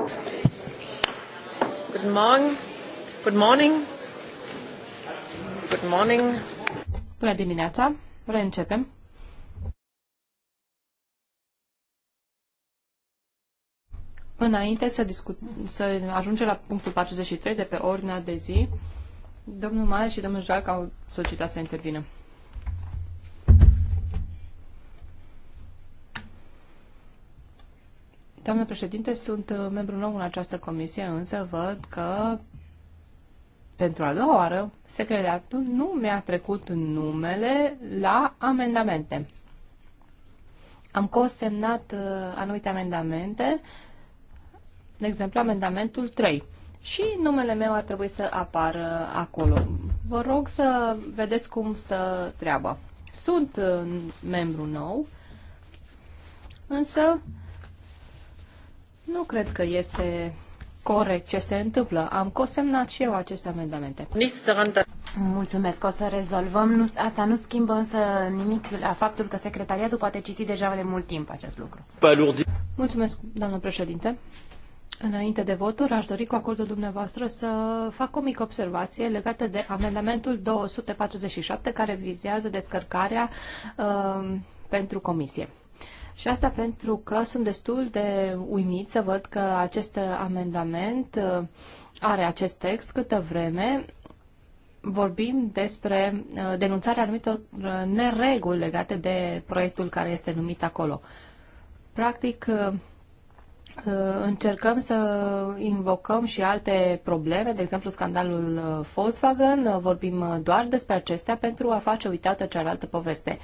Good morning. Good morning. Bună dimineața. Reîncepem. Înainte să, discut, să ajungem la punctul 43 de pe ordinea de zi, domnul Mare și domnul Jalc au solicitat să intervină. Doamnă președinte, sunt uh, membru nou în această comisie, însă văd că pentru a doua oară secretarul nu mi-a trecut numele la amendamente. Am consemnat uh, anumite amendamente, de exemplu amendamentul 3 și numele meu ar trebui să apară acolo. Vă rog să vedeți cum stă treaba. Sunt uh, membru nou, însă nu cred că este corect ce se întâmplă. Am cosemnat și eu aceste amendamente. Mulțumesc, o să rezolvăm. Nu, asta nu schimbă însă nimic la faptul că secretariatul poate citi deja de mult timp acest lucru. Mulțumesc, doamnă președinte. Înainte de voturi, aș dori cu acordul dumneavoastră să fac o mică observație legată de amendamentul 247 care vizează descărcarea uh, pentru comisie. Și asta pentru că sunt destul de uimit să văd că acest amendament uh, are acest text câtă vreme vorbim despre uh, denunțarea anumitor uh, nereguli legate de proiectul care este numit acolo. Practic, încercăm să invocăm și alte probleme, de exemplu scandalul Volkswagen, vorbim doar despre acestea pentru a face uitată cealaltă poveste.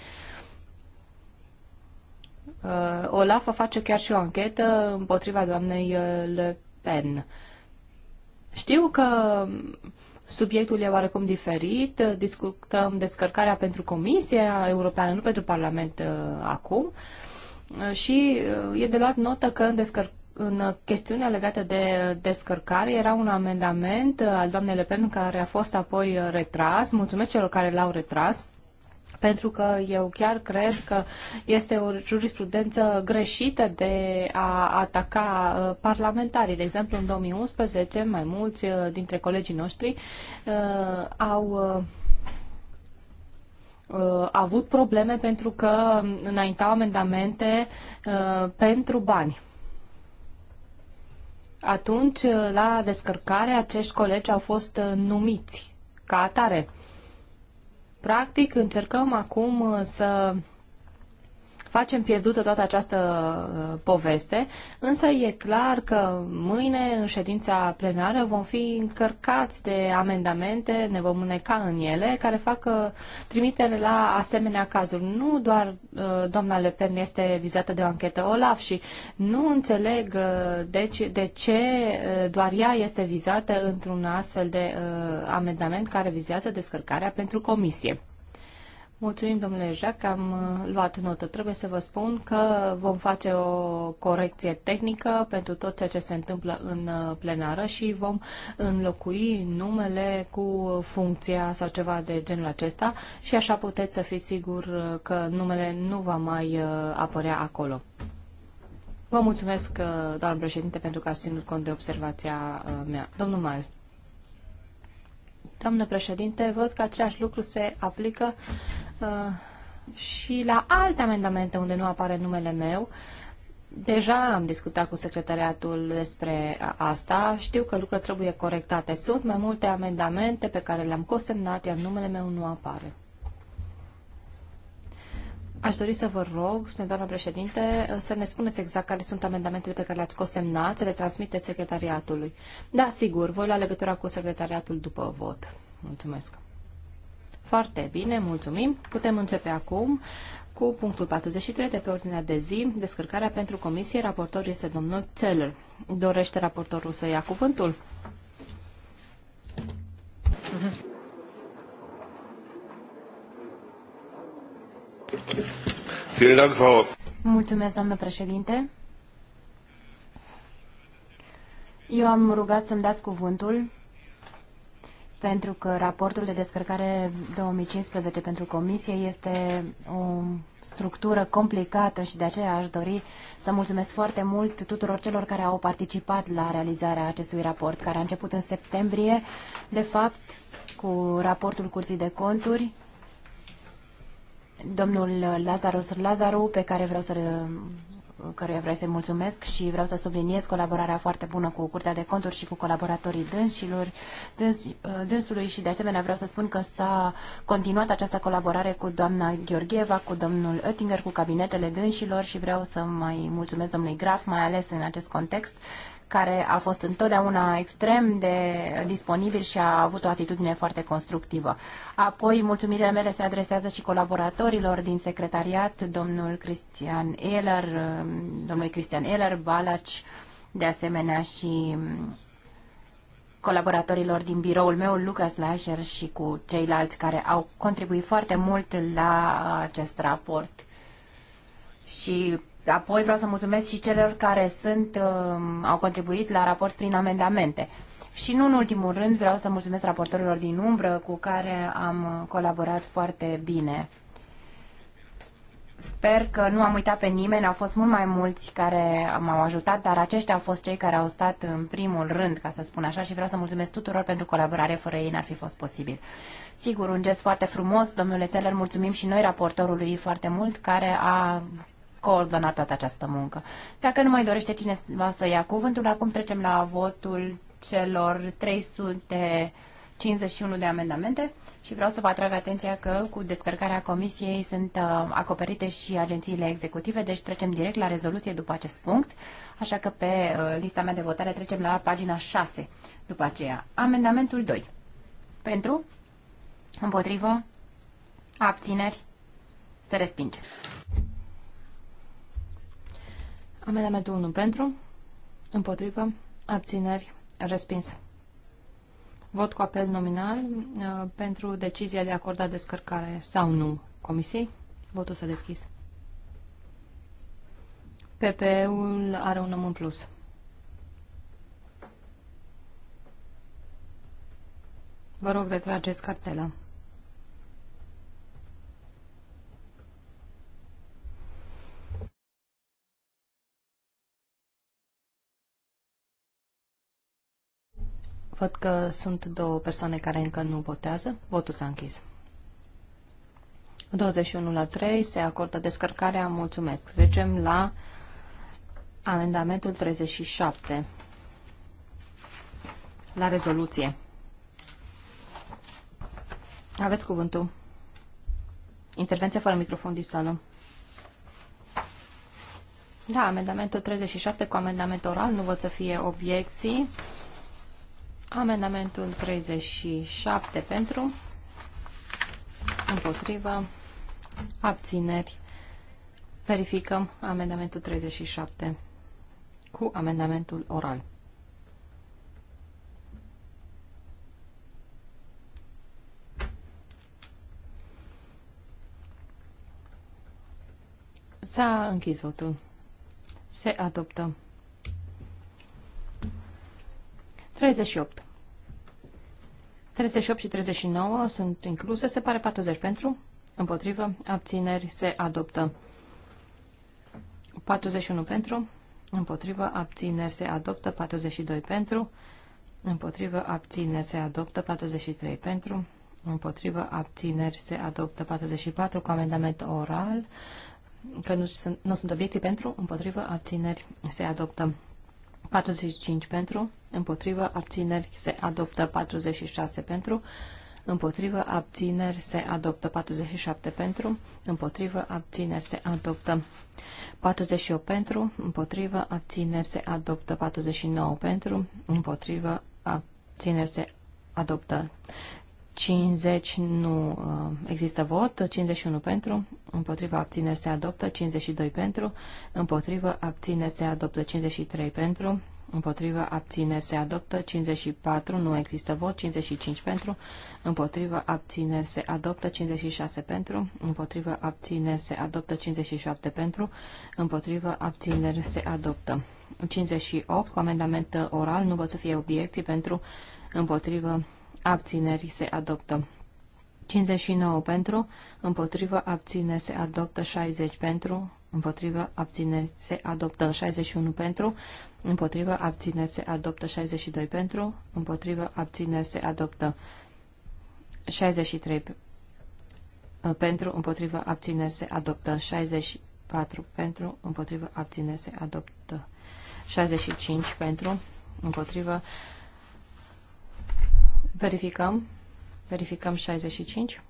Uh, Olaf face chiar și o anchetă împotriva doamnei uh, Le Pen. Știu că subiectul e oarecum diferit, discutăm descărcarea pentru Comisia Europeană, nu pentru Parlament uh, acum, și e de luat notă că în în chestiunea legată de descărcare era un amendament al doamnei Le Pen care a fost apoi retras. Mulțumesc celor care l-au retras pentru că eu chiar cred că este o jurisprudență greșită de a ataca uh, parlamentarii. De exemplu, în 2011, mai mulți uh, dintre colegii noștri uh, au avut probleme pentru că înaintau amendamente pentru bani. Atunci, la descărcare, acești colegi au fost numiți ca atare. Practic, încercăm acum uh, să facem pierdută toată această uh, poveste, însă e clar că mâine, în ședința plenară, vom fi încărcați de amendamente, ne vom uneca în ele, care fac uh, trimitere la asemenea cazuri. Nu doar uh, doamna Le Pen este vizată de o anchetă OLAF și nu înțeleg deci, de ce doar ea este vizată într-un astfel de amendament care vizează descărcarea pentru comisie. Mulțumim, domnule Jac, am uh, luat notă. Trebuie să vă spun că vom face o corecție tehnică pentru tot ceea ce se întâmplă în uh, plenară și vom înlocui numele cu funcția sau ceva de genul acesta și așa puteți să fiți sigur uh, că numele nu va mai apărea acolo. Vă mulțumesc, doamnă președinte, pentru că ați ținut cont de observația mea. Domnul Maestru. Doamnă președinte, văd că același lucru se aplică Uh, și la alte amendamente unde nu apare numele meu. Deja am discutat cu secretariatul despre asta. Știu că lucrurile trebuie corectate. Sunt mai multe amendamente pe care le-am cosemnat, iar numele meu nu apare. Aș dori să vă rog, spune doamna președinte, să ne spuneți exact care sunt amendamentele pe care le-ați cosemnat, să le transmite secretariatului. Da, sigur, voi lua legătura cu secretariatul după vot. Mulțumesc. Foarte bine, mulțumim. Putem începe acum cu punctul 43 de pe ordinea de zi, descărcarea pentru comisie. Raportor este domnul Țeller. Dorește raportorul să ia cuvântul? Mulțumesc, doamnă președinte. Eu am rugat să-mi dați cuvântul pentru că raportul de descărcare 2015 pentru comisie este o structură complicată și de aceea aș dori să mulțumesc foarte mult tuturor celor care au participat la realizarea acestui raport, care a început în septembrie, de fapt, cu raportul Curții de Conturi, domnul Lazarus Lazaru, pe care vreau să căruia vreau să-i mulțumesc și vreau să subliniez colaborarea foarte bună cu Curtea de Conturi și cu colaboratorii dânsilor, dâns, uh, dânsului și de asemenea vreau să spun că s-a continuat această colaborare cu doamna Gheorgheva, cu domnul Oettinger, cu cabinetele dânsilor și vreau să mai mulțumesc domnului Graf, mai ales în acest context care a fost întotdeauna extrem de disponibil și a avut o atitudine foarte constructivă. Apoi, mulțumirile mele se adresează și colaboratorilor din secretariat, domnul Cristian Eller, um, domnului Cristian Eller, Balaci, de asemenea și um, colaboratorilor din biroul meu, Lucas Lasher și cu ceilalți care au contribuit foarte mult la acest raport. Și Apoi vreau să mulțumesc și celor care sunt, um, au contribuit la raport prin amendamente. Și nu în ultimul rând vreau să mulțumesc raportorilor din umbră cu care am colaborat foarte bine. Sper că nu am uitat pe nimeni, au fost mult mai mulți care m-au ajutat, dar aceștia au fost cei care au stat în primul rând, ca să spun așa, și vreau să mulțumesc tuturor pentru colaborare, fără ei n-ar fi fost posibil. Sigur, un gest foarte frumos, domnule Țeler, mulțumim și noi raportorului foarte mult, care a coordona toată această muncă. Dacă nu mai dorește cineva să ia cuvântul, acum trecem la votul celor 351 de amendamente și vreau să vă atrag atenția că cu descărcarea comisiei sunt uh, acoperite și agențiile executive, deci trecem direct la rezoluție după acest punct, așa că pe uh, lista mea de votare trecem la pagina 6 după aceea. Amendamentul 2. Pentru? Împotrivă? Abțineri? Se respinge. Amendamentul 1 pentru, împotrivă, abțineri, respins. Vot cu apel nominal uh, pentru decizia de a acorda descărcare sau nu comisiei. Votul s-a deschis. pp ul are un om în plus. Vă rog, retrageți cartela. Văd că sunt două persoane care încă nu votează. Votul s-a închis. 21 la 3 se acordă descărcarea. Mulțumesc. Trecem la amendamentul 37 la rezoluție. Aveți cuvântul. Intervenție fără microfon din sală. Da, amendamentul 37 cu amendament oral nu văd să fie obiecții. Amendamentul 37 pentru, împotrivă, abțineri. Verificăm amendamentul 37 cu amendamentul oral. S-a închis votul. Se adoptă. 38. 38 și 39 sunt incluse, se pare 40 pentru, împotrivă, abțineri se adoptă. 41 pentru, împotrivă, abțineri se adoptă, 42 pentru, împotrivă, abțineri se adoptă, 43 pentru, împotrivă, abțineri se adoptă, 44 cu amendament oral, că nu sunt, nu sunt obiecții pentru, împotrivă, abțineri se adoptă. 45 pentru, împotrivă, abțineri, se adoptă 46 pentru, împotrivă, abțineri, se adoptă 47 pentru, împotrivă, abțineri, se adoptă 48 pentru, împotrivă, abțineri, se adoptă 49 pentru, împotrivă, abțineri, se adoptă 50 nu uh, există vot, 51 pentru, împotriva abțineri se adoptă, 52 pentru, împotriva abțineri se adoptă, 53 pentru, împotriva abțineri se adoptă, 54 nu există vot, 55 pentru, împotriva abțineri se adoptă, 56 pentru, împotriva abțineri se adoptă, 57 pentru, împotriva abțineri se adoptă. 58 cu amendament oral, nu văd să fie obiecții pentru împotrivă abțineri se adoptă. 59 pentru, împotrivă abține se adoptă. 60 pentru, împotrivă abține se adoptă. 61 pentru, împotrivă abține se adoptă. 62 pentru, împotrivă abține se adoptă. 63 uh, pentru, împotrivă abține se adoptă. 64 pentru, împotrivă abține se adoptă. 65 pentru, împotrivă Verificăm. Verificăm 65.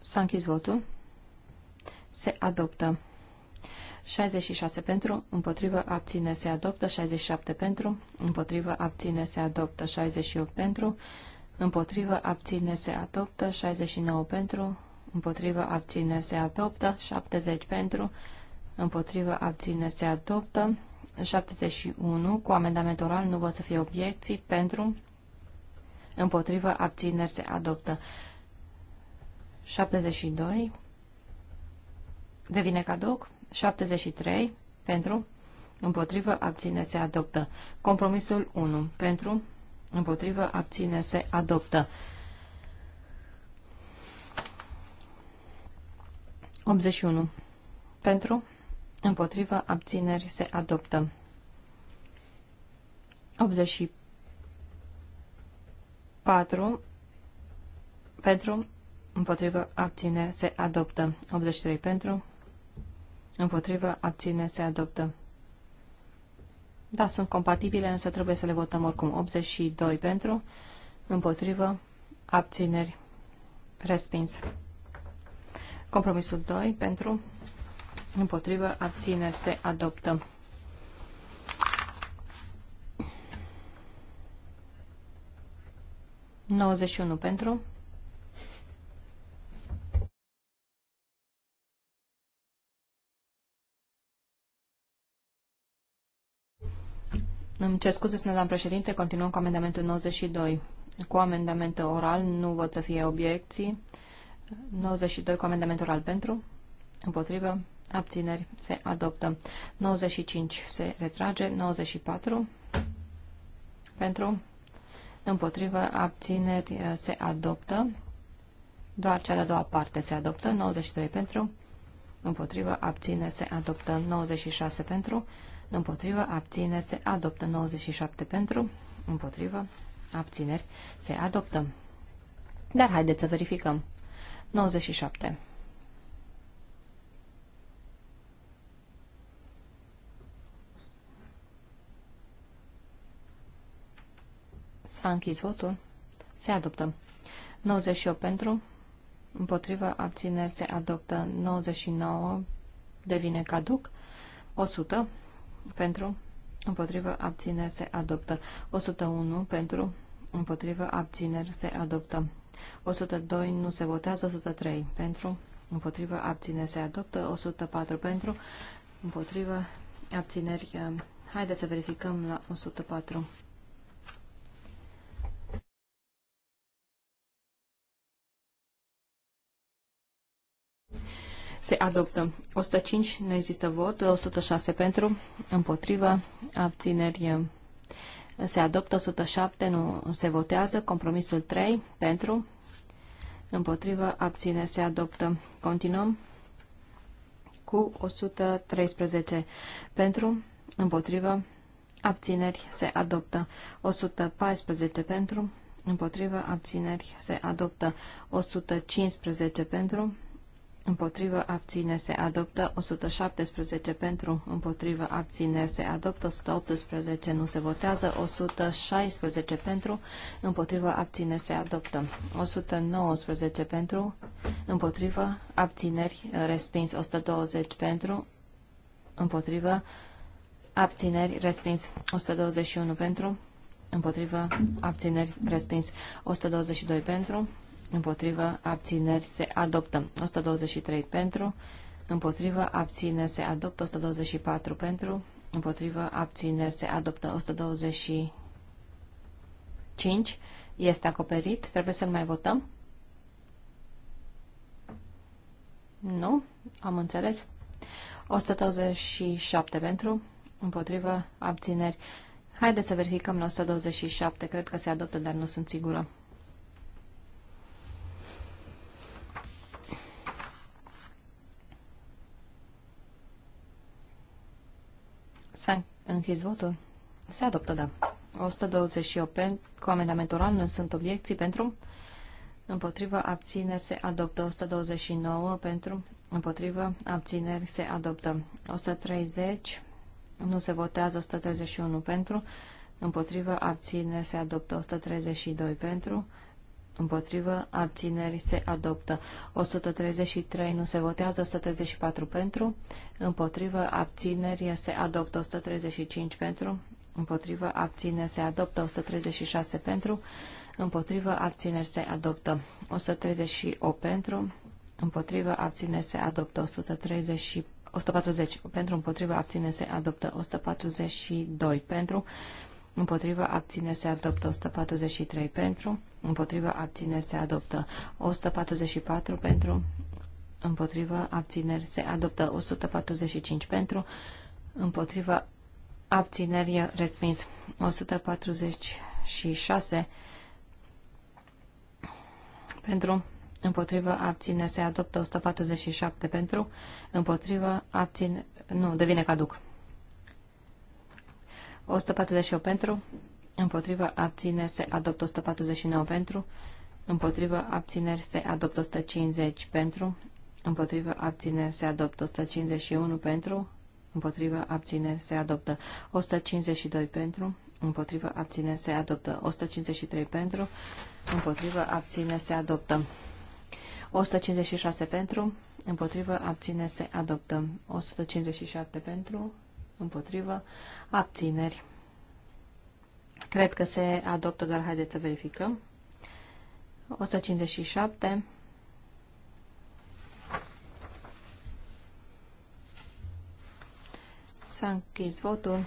S-a închis votul. Se adoptă. 66 pentru, împotrivă, abține, se adoptă. 67 pentru, împotrivă, abține, se adoptă. 68 pentru, împotrivă, abține, se adoptă. 69 pentru, împotrivă, abține, se adoptă. 70 pentru, împotrivă, abține, se adoptă. 71 cu amendament oral nu văd să fie obiecții pentru împotrivă abțineri se adoptă 72 devine caduc 73 pentru împotrivă abțineri se adoptă compromisul 1 pentru împotrivă abțineri se adoptă 81 pentru Împotrivă, abțineri, se adoptă. 84 pentru, împotrivă, abțineri, se adoptă. 83 pentru, împotrivă, abțineri, se adoptă. Da, sunt compatibile, însă trebuie să le votăm oricum. 82 pentru, împotrivă, abțineri, respins. Compromisul 2 pentru, Împotrivă, abțineri, se adoptă. Nouăzeci unu pentru. Îmi cer scuze, doamnă președinte, continuăm cu amendamentul 92. Cu amendament oral nu văd să fie obiecții. 92 cu amendament oral pentru, împotrivă, Abțineri se adoptă. 95 se retrage. 94 pentru. Împotrivă. Abțineri se adoptă. Doar cea de-a doua parte se adoptă. 93 pentru. Împotrivă. Abțineri se adoptă. 96 pentru. Împotrivă. Abțineri se adoptă. 97 pentru. Împotrivă. Abțineri se adoptă. Dar haideți să verificăm. 97. S-a închis votul. Se adoptă. 98 pentru. Împotrivă abțineri se adoptă. 99 devine caduc. 100 pentru. Împotrivă abțineri se adoptă. 101 pentru. Împotrivă abțineri se adoptă. 102 nu se votează. 103 pentru. Împotrivă abțineri se adoptă. 104 pentru. Împotrivă abțineri. Haideți să verificăm la 104. se adoptă. 105, nu există vot, 106 pentru, împotrivă, abțineri se adoptă, 107 nu se votează, compromisul 3 pentru, împotrivă, abțineri se adoptă. Continuăm cu 113 pentru, împotrivă, abțineri se adoptă. 114 pentru, împotrivă, abțineri se adoptă. 115 pentru, Împotrivă abține se adoptă 117 pentru, împotrivă abține se adoptă 118, nu se votează 116 pentru, împotrivă abține se adoptă 119 pentru, împotrivă abțineri respins 120 pentru, împotrivă abțineri respins 121 pentru, împotrivă abțineri respins 122 pentru, împotrivă, abțineri, se adoptă. 123 pentru, împotrivă, abțineri, se adoptă. 124 pentru, împotrivă, abțineri, se adoptă. 125 este acoperit. Trebuie să-l mai votăm? Nu? Am înțeles. 127 pentru, împotrivă, abțineri. Haideți să verificăm la 127. Cred că se adoptă, dar nu sunt sigură. Închis votul. Se adoptă, da. 128 pen, cu amendament oral, nu sunt obiecții pentru, împotrivă, abțineri, se adoptă. 129 pentru, împotrivă, abțineri, se adoptă. 130, nu se votează, 131 pentru, împotrivă, abțineri, se adoptă. 132 pentru, împotrivă, abțineri se adoptă. 133 nu se votează, 134 pentru, împotrivă, abțineri se adoptă, 135 pentru, împotrivă, abțineri se adoptă, 136 pentru, împotrivă, abțineri se adoptă, 138 pentru, împotrivă, abțineri se adoptă, 134 140 pentru împotriva abține se adoptă 142 pentru împotrivă abține se adoptă 143 pentru, împotrivă abține se adoptă 144 pentru, împotrivă abțineri se adoptă 145 pentru, împotrivă abțineri e respins 146 pentru, împotrivă abține se adoptă 147 pentru, împotrivă abține, nu, devine caduc. 148 pentru, împotrivă, abțineri, se adoptă 149 pentru, împotrivă, abțineri, se adoptă 150 pentru, împotrivă, abțineri, se adoptă 151 pentru, împotrivă, abțineri, se adoptă 152 pentru, împotrivă, abțineri, se adoptă 153 pentru, împotrivă, abțineri, se adoptă 156 pentru, împotrivă, abțineri, se adoptă 157 pentru, împotrivă, abțineri. Cred că se adoptă, dar haideți să verificăm. 157. S-a închis votul.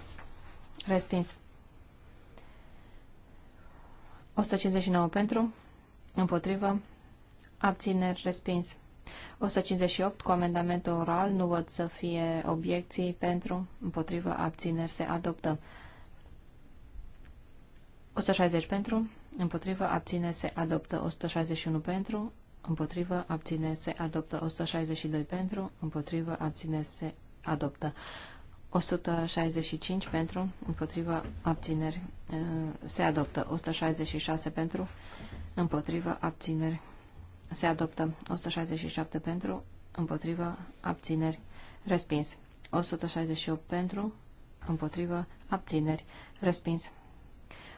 Respins. 159 pentru, împotrivă, abțineri, respins. 158 cu amendamentul oral. Nu văd să fie obiecții pentru, împotrivă, abțineri se adoptă. 160 pentru, împotrivă, abțineri se adoptă. 161 pentru, împotrivă, abțineri se adoptă. 162 pentru, împotrivă, abțineri se adoptă. 165 pentru, împotriva abțineri eh, se adoptă. 166 pentru, împotriva abțineri se adoptă. 167 pentru, împotrivă, abțineri, respins. 168 pentru, împotrivă, abțineri, respins.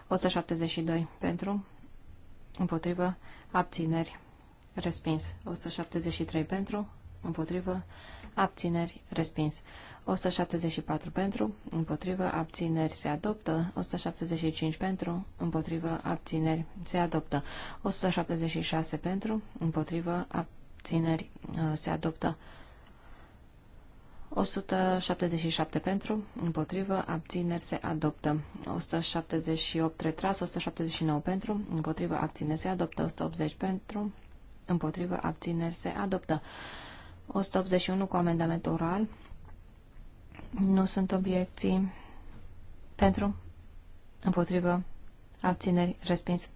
172 pentru, împotrivă, abțineri, respins. 173 pentru, împotrivă, abțineri, respins. 174 pentru, împotrivă, abțineri se adoptă, 175 pentru, împotrivă, abțineri se adoptă, 176 uh, pentru, împotrivă, abțineri se adoptă, 177 pentru, împotrivă, abțineri se adoptă, 178 retras, 179 pentru, împotrivă, abțineri se adoptă, 180 pentru, împotrivă, abțineri se adoptă, 181 cu amendament oral, nu sunt obiecții. Pentru. Împotrivă. Abțineri. Respins.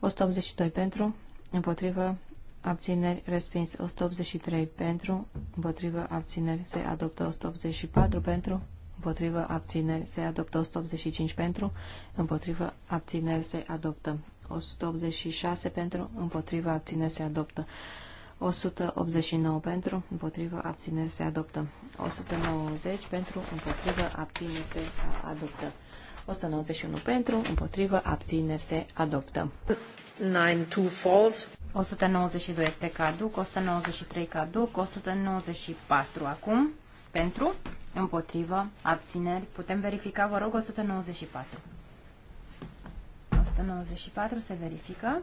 182 pentru. Împotrivă. Abțineri. Respins. 183 pentru. Împotrivă. Abțineri. Se adoptă 184 pentru. Împotrivă. Abțineri. Se adoptă 185 pentru. Împotrivă. Abțineri. Se adoptă 186 pentru. Împotrivă. Abțineri. Se adoptă 189 pentru, împotrivă, abține, se adoptă. 190 pentru, împotrivă, abține, se adoptă. 191 pentru, împotrivă, abține, se adoptă. 92 falls. 192 este caduc, 193 caduc, 194 acum pentru, împotrivă, abțineri. Putem verifica, vă rog, 194. 194 se verifică.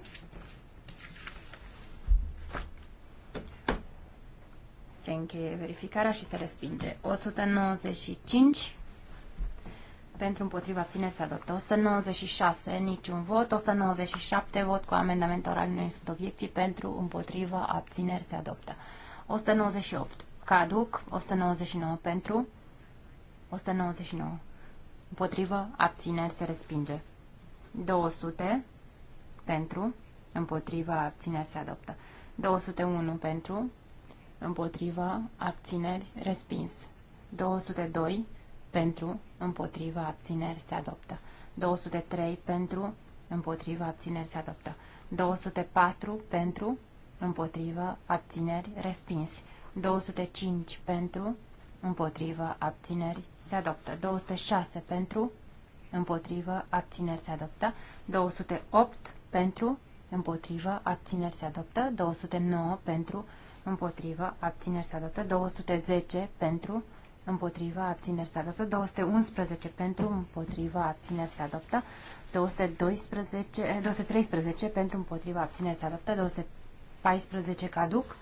se încheie verificarea și se respinge. 195 pentru împotriva ține se adoptă. 196, niciun vot. 197, vot cu amendament oral, nu sunt obiectii Pentru împotriva abțineri se adoptă. 198, caduc. 199 pentru. 199. împotriva abțineri se respinge. 200 pentru. Împotriva abțineri se adoptă. 201 pentru împotrivă, abțineri, respins. 202 pentru, împotrivă, abțineri, se adoptă. 203 pentru, împotrivă, abțineri, se adoptă. 204 pentru, împotrivă, abțineri, respins. 205 pentru, împotrivă, abțineri, se adoptă. 206 pentru, împotrivă, abțineri, se adoptă. 208 pentru, împotrivă, abțineri, se adoptă. 209 pentru, împotrivă, abțineri se adoptă, 210 pentru, împotrivă, abțineri se adoptă, 211 pentru, împotrivă, abțineri se adoptă, 212, 213 eh, pentru, împotrivă, abțineri se adoptă, 214 caduc,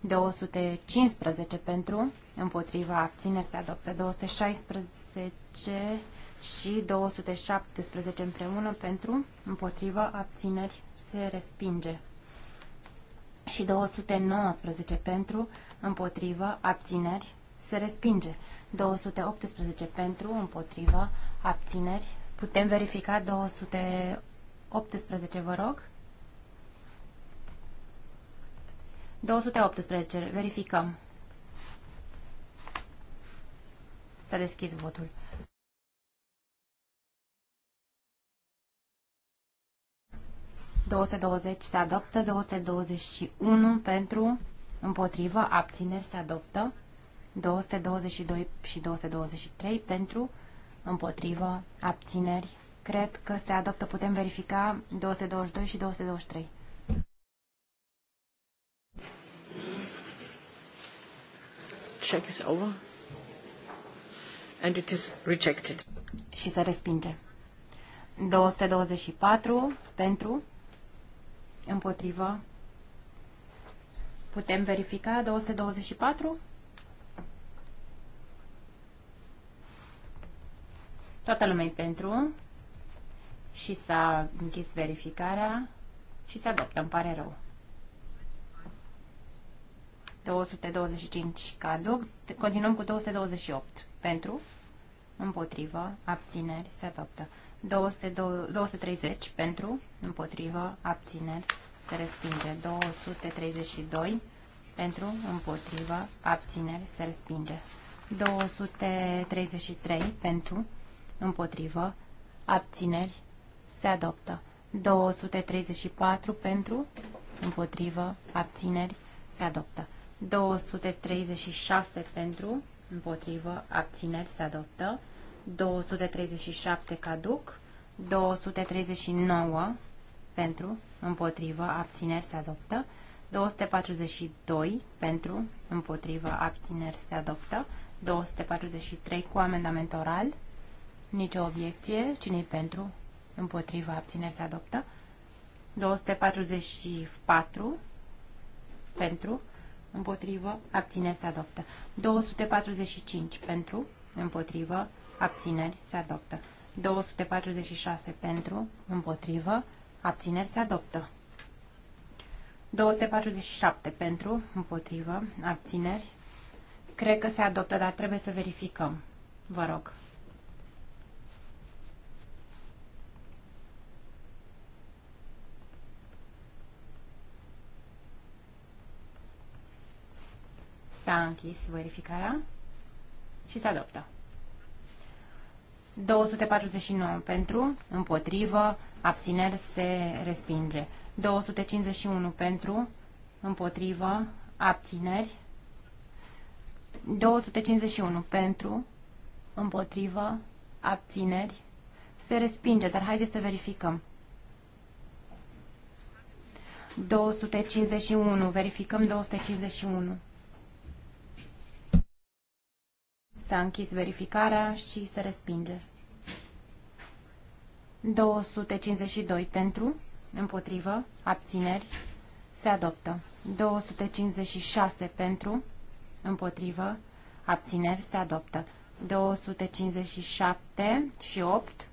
215 pentru, împotriva abțineri se adoptă 216 și 217 împreună pentru, împotriva abțineri se respinge și 219 pentru, împotrivă, abțineri, se respinge. 218 pentru, împotrivă, abțineri. Putem verifica 218, vă rog? 218, verificăm. S-a deschis votul. 220 se adoptă, 221 pentru, împotrivă, abțineri se adoptă, 222 și 223 pentru, împotrivă, abțineri. Cred că se adoptă, putem verifica 222 și 223. Check is over. And it is rejected. Și se respinge. 224 pentru Împotrivă. Putem verifica 224? Toată lumea pentru și s-a închis verificarea și se adoptă, îmi pare rău. 225 caduc, continuăm cu 228 pentru, împotrivă, abțineri, se adoptă. 230 pentru, împotrivă, abțineri, se respinge. 232 pentru, împotrivă, abțineri, se respinge. 233 pentru, împotrivă, abțineri, se adoptă. 234 pentru, împotrivă, abțineri, se adoptă. 236 pentru, împotrivă, abțineri, se adoptă. 237 caduc, 239 pentru, împotrivă, abțineri se adoptă, 242 pentru, împotrivă, abțineri se adoptă, 243 cu amendament oral, nicio obiecție, cine pentru, împotrivă, abțineri se adoptă, 244 pentru, împotrivă, abțineri se adoptă, 245 pentru, împotrivă, Abțineri se adoptă. 246 pentru, împotrivă, abțineri se adoptă. 247 pentru, împotrivă, abțineri. Cred că se adoptă, dar trebuie să verificăm. Vă rog. S-a închis verificarea și se adoptă. 249 pentru, împotrivă, abțineri se respinge. 251 pentru, împotrivă, abțineri. 251 pentru, împotrivă, abțineri. Se respinge, dar haideți să verificăm. 251, verificăm 251. S-a închis verificarea și se respinge. 252 pentru, împotrivă, abțineri, se adoptă. 256 pentru, împotrivă, abțineri, se adoptă. 257 și 8,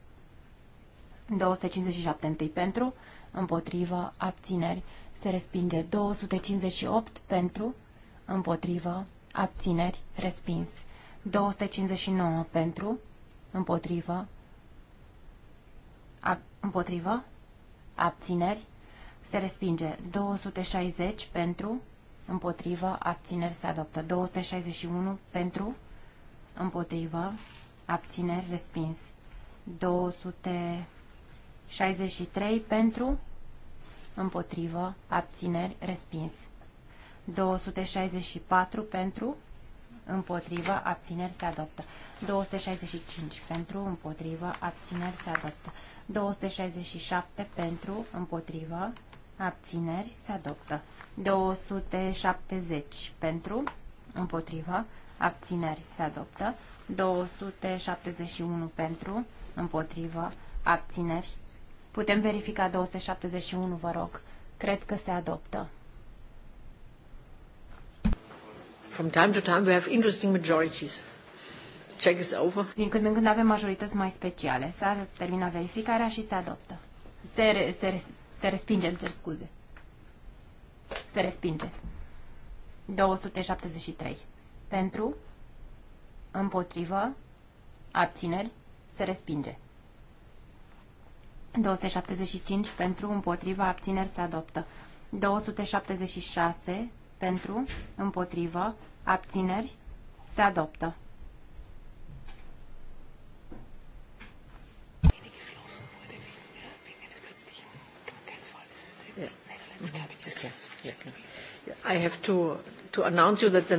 257 întâi pentru, împotrivă, abțineri, se respinge. 258 pentru, împotrivă, abțineri, respins. 259 pentru, împotrivă, ab, împotrivă, abțineri, se respinge. 260 pentru, împotrivă, abțineri se adoptă. 261 pentru, împotrivă, abțineri, respins. 263 pentru, împotrivă, abțineri, respins. 264 pentru, împotrivă, abțineri se adoptă. 265 pentru, împotrivă, abțineri se adoptă. 267 pentru, împotrivă, abțineri se adoptă. 270 pentru, împotrivă, abțineri se adoptă. 271 pentru, împotrivă, abțineri. Putem verifica 271, vă rog. Cred că se adoptă. From time to time we have interesting majorities. Check is over. Din când în când avem majorități mai speciale. S-a terminat verificarea și se adoptă. Se, re, se, re, se respinge, îmi cer scuze. Se respinge. 273. Pentru, împotrivă, abțineri, se respinge. 275 pentru, împotriva, abțineri se adoptă. 276 pentru, împotrivă, Abțineri? Se adoptă. I have to, to announce you that the...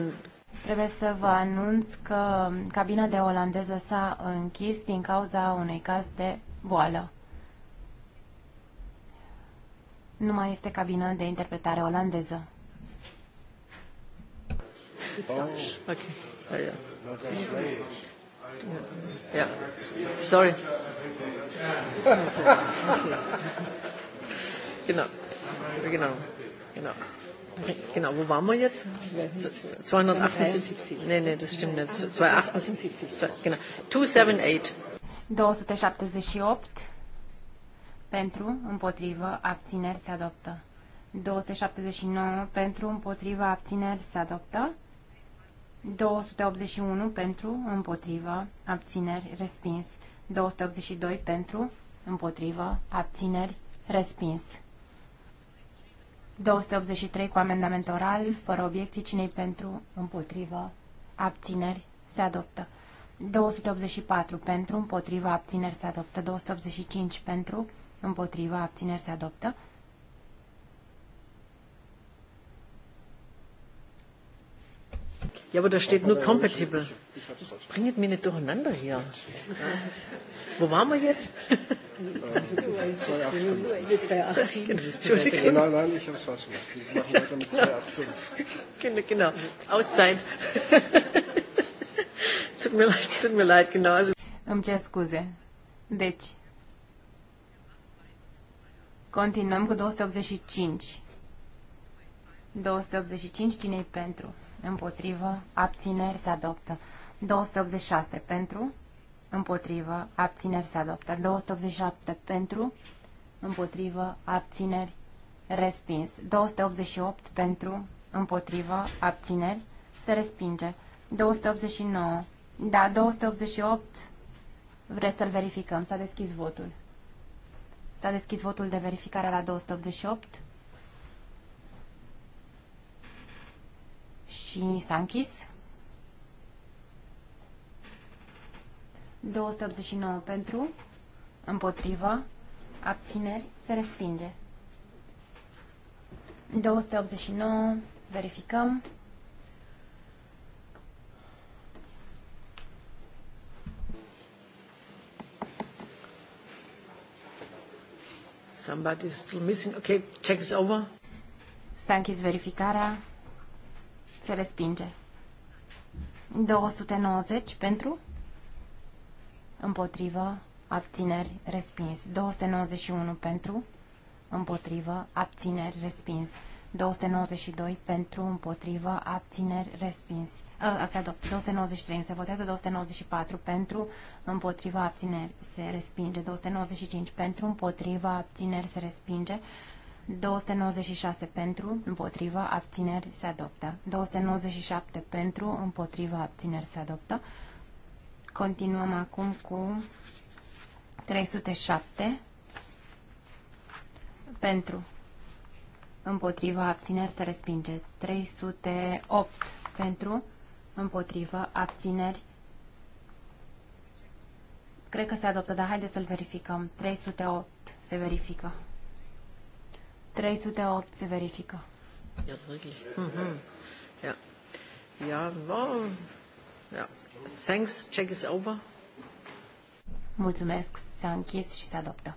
Trebuie să vă anunț că cabina de olandeză s-a închis din cauza unui caz de boală. Nu mai este cabină de interpretare olandeză. Oh. Okay. Yeah. Yeah. yeah. Sorry. Genau. Genau. Genau. Genau, wo waren wir jetzt? 278. Nein, nein, das stimmt nicht. 278. Genau. 278. 278 pentru, împotrivă, abțineri se adoptă. 279 pentru, împotrivă, abțineri se adoptă. 281 pentru, împotrivă, abțineri, respins. 282 pentru, împotrivă, abțineri, respins. 283 cu amendament oral, fără obiecții, cinei pentru, împotrivă, abțineri, se adoptă. 284 pentru, împotrivă, abțineri, se adoptă. 285 pentru, împotrivă, abțineri, se adoptă. Ja, aber da steht nur compatible. Das bringt mich nicht durcheinander hier. Wo waren wir jetzt? Entschuldigung. Nein, nein, ich habe es falsch gemacht. Wir machen weiter mit 285. Genau, Auszeit. tut mir leid, tut mir leid, genau. Also. Îmi cer scuze. Deci, continuăm cu 285. 285, cine e pentru? împotrivă, abțineri se adoptă. 286 pentru, împotrivă, abțineri se adoptă. 287 pentru, împotrivă, abțineri, respins. 288 pentru, împotrivă, abțineri, se respinge. 289, da, 288, vreți să-l verificăm, s-a deschis votul. S-a deschis votul de verificare la 288. și s-a închis. 289 pentru, împotrivă, abțineri, se respinge. 289, verificăm. Somebody is still missing. Okay, check is over. s verificarea. Se respinge. 290 pentru? Împotrivă. Abțineri. Respins. 291 pentru? Împotrivă. Abțineri. Respins. 292 pentru, împotrivă, abțineri, respins. asta 293 nu se votează, 294 pentru, împotriva abțineri se respinge, 295 pentru, împotriva abțineri se respinge, 296 pentru, împotrivă, abțineri se adoptă. 297 pentru, împotrivă, abțineri se adoptă. Continuăm acum cu 307 pentru, împotrivă, abțineri se respinge. 308 pentru, împotrivă, abțineri Cred că se adoptă, dar haideți să-l verificăm. 308 se verifică. 308 se verifică. Ja, wirklich. Mhm. Ja. Ja, wow. Ja. Thanks. Check is over. Mulțumesc. S-a închis și se adoptă.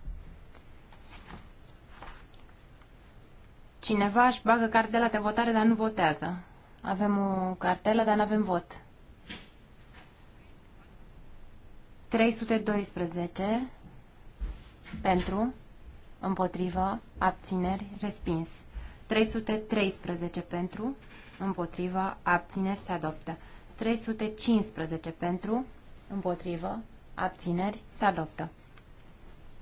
Cineva își bagă cartela de votare, dar nu votează. Avem o cartelă, dar nu avem vot. 312 pentru împotrivă, abțineri, respins. 313 pentru, împotrivă, abțineri, se adoptă. 315 pentru, împotrivă, abțineri, se adoptă.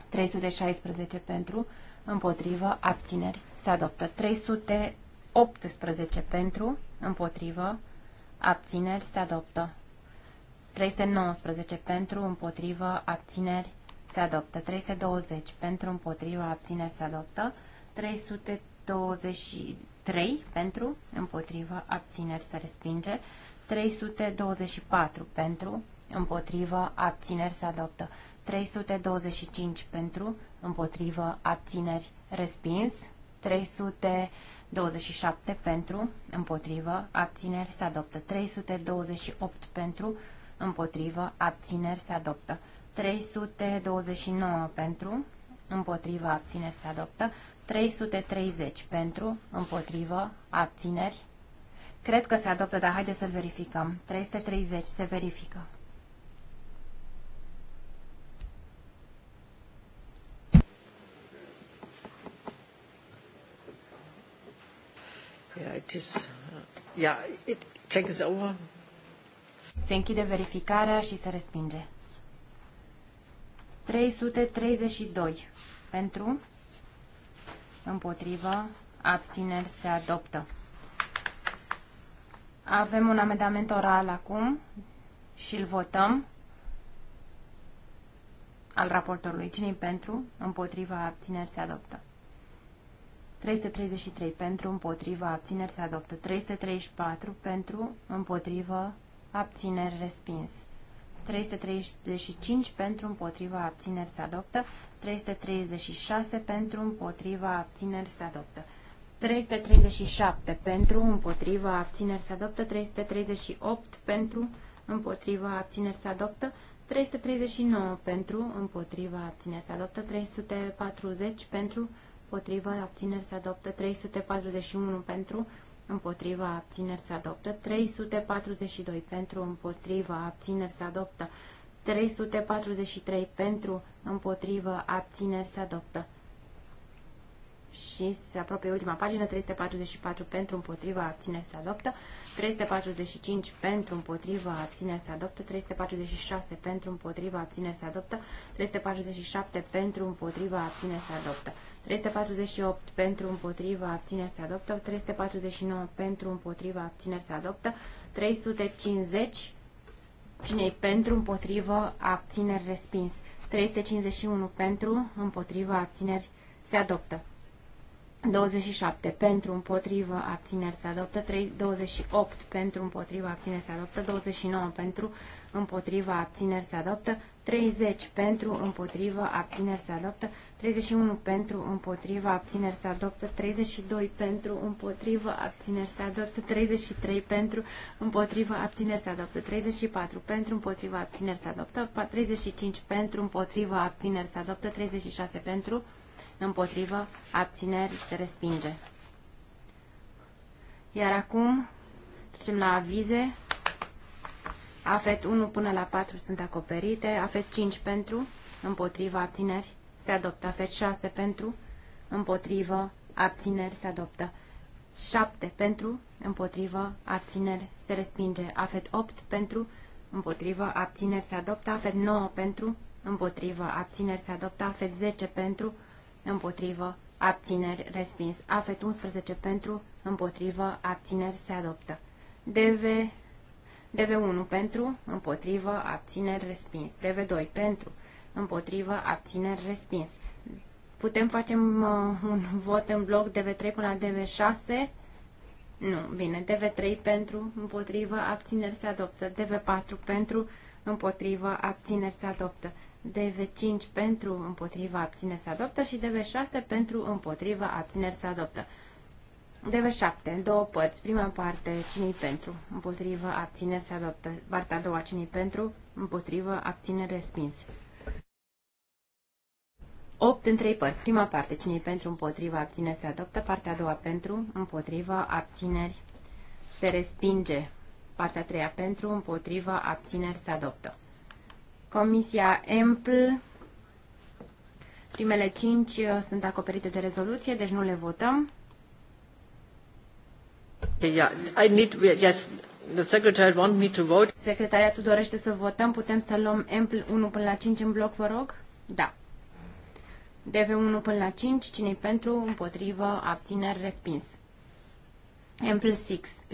316 pentru, împotrivă, abțineri, se adoptă. 318 pentru, împotrivă, abțineri, se adoptă. 319 pentru, împotrivă, abțineri, se adoptă. 320 pentru împotriva abțineri se adoptă. 323 pentru împotriva abțineri se respinge. 324 pentru împotriva abțineri se adoptă. 325 pentru împotriva abțineri respins. 327 pentru împotriva abțineri se adoptă. 328 pentru împotriva abțineri se adoptă. 329 pentru, împotriva abțineri se adoptă. 330 pentru, împotrivă, abțineri. Cred că se adoptă, dar haideți să-l verificăm. 330 se verifică. Yeah, it is, yeah, uh, it takes over. Se închide verificarea și se respinge. 332 pentru, împotrivă, abțineri se adoptă. Avem un amendament oral acum și îl votăm al raportorului. cine pentru? Împotriva abțineri se adoptă. 333 pentru, împotriva abțineri se adoptă. 334 pentru, împotrivă abțineri respins. 335 pentru împotriva abțineri se adoptă, 336 pentru împotriva abțineri se adoptă, 337 pentru împotriva abțineri se adoptă, 338 pentru împotriva abțineri se adoptă, 339 pentru împotriva abțineri se adoptă, 340 pentru împotriva abțineri se adoptă, 341 pentru împotriva abțineri se adoptă, 342 pentru împotriva abțineri se adoptă, 343 pentru împotriva abțineri se adoptă. Și se apropie ultima pagină, 344 pentru împotriva abțineri se adoptă, 345 pentru împotriva abțineri se adoptă, 346 pentru împotriva abțineri se adoptă, 347 pentru împotriva abțineri se adoptă. 348 pentru împotriva abțineri se adoptă, 349 pentru împotriva abțineri se adoptă, 350 cine pentru împotriva, abțineri respins, 351 pentru împotriva abțineri se adoptă. 27 pentru împotrivă abțineri se adoptă, 3, 28 pentru împotrivă abțineri se adoptă, 29 pentru împotrivă abțineri se adoptă, 30 pentru, împotrivă, abțineri se adoptă, 31 pentru, împotrivă, abțineri se adoptă, 32 pentru, împotrivă, abțineri se adoptă, 33 pentru, împotrivă, abțineri se adoptă, 34 pentru, împotrivă, abțineri se adoptă, 35 pentru, împotrivă, abțineri se adoptă, 36 pentru, împotrivă, abțineri se respinge. Iar acum trecem la avize. AFET 1 până la 4 sunt acoperite, AFET 5 pentru, împotriva, abțineri, se adoptă, AFET 6 pentru, împotrivă, abțineri, se adoptă, 7 pentru, împotrivă, abțineri, se respinge, AFET 8 pentru, împotrivă, abțineri, se adoptă, AFET 9 pentru, împotrivă, abțineri, se adoptă, AFET 10 pentru, împotrivă, abțineri, respins, AFET 11 pentru, împotrivă, abțineri, se adoptă. DV DV1 pentru, împotrivă, abțineri, respins. DV2 pentru, împotrivă, abțineri, respins. Putem face uh, un vot în bloc DV3 până la DV6? Nu, bine. DV3 pentru, împotrivă, abțineri, se adoptă. DV4 pentru, împotrivă, abțineri, se adoptă. DV5 pentru, împotrivă, abțineri, se adoptă și DV6 pentru, împotrivă, abțineri, se adoptă. DV7, în două părți. Prima parte, cine pentru? Împotrivă, abține, se adoptă. Partea a doua, cine pentru? Împotrivă, abține, respins. 8 în 3 părți. Prima parte, cine pentru, împotrivă, abține, se adoptă. Partea a doua, pentru, împotrivă, abțineri, se respinge. Partea a treia, pentru, împotrivă, abțineri, se adoptă. Comisia EMPL, primele 5 uh, sunt acoperite de rezoluție, deci nu le votăm. Yeah, I need, yes, the secretary want me to vote. Secretariatul dorește să votăm. Putem să luăm m 1 până la 5 în bloc, vă rog? Da. DV1 până la 5, cine pentru, împotrivă, abțineri, respins. m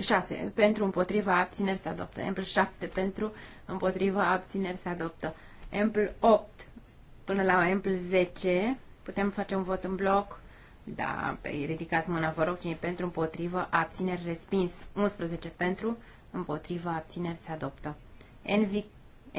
6, pentru, împotrivă, abțineri, se adoptă. m 7, pentru, împotrivă, abțineri, se adoptă. m 8 până la m 10, putem face un vot în bloc da, ridicați mâna, vă rog, cine pentru, împotrivă, abțineri, respins. 11 pentru, împotrivă, abțineri, se adoptă. NV,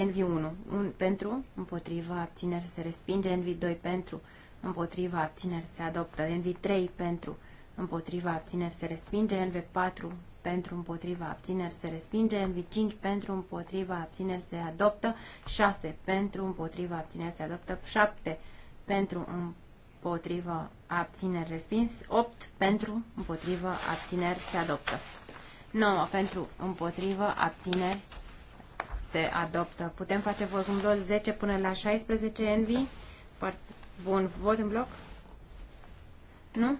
NV1, un, pentru, împotrivă, abțineri, se respinge. NV2, pentru, împotrivă, abțineri, se adoptă. NV3, pentru, împotrivă, abțineri, se respinge. NV4, pentru, împotrivă, abțineri, se respinge. NV5, pentru, împotrivă, abțineri, se adoptă. 6, pentru, împotrivă, abțineri, se adoptă. 7, pentru, împotrivă, împotrivă, abțineri, respins. 8 pentru, împotrivă, abțineri, se adoptă. 9 pentru, împotrivă, abțineri, se adoptă. Putem face vot în bloc 10 până la 16, Envy. Bun, vot în bloc? Nu?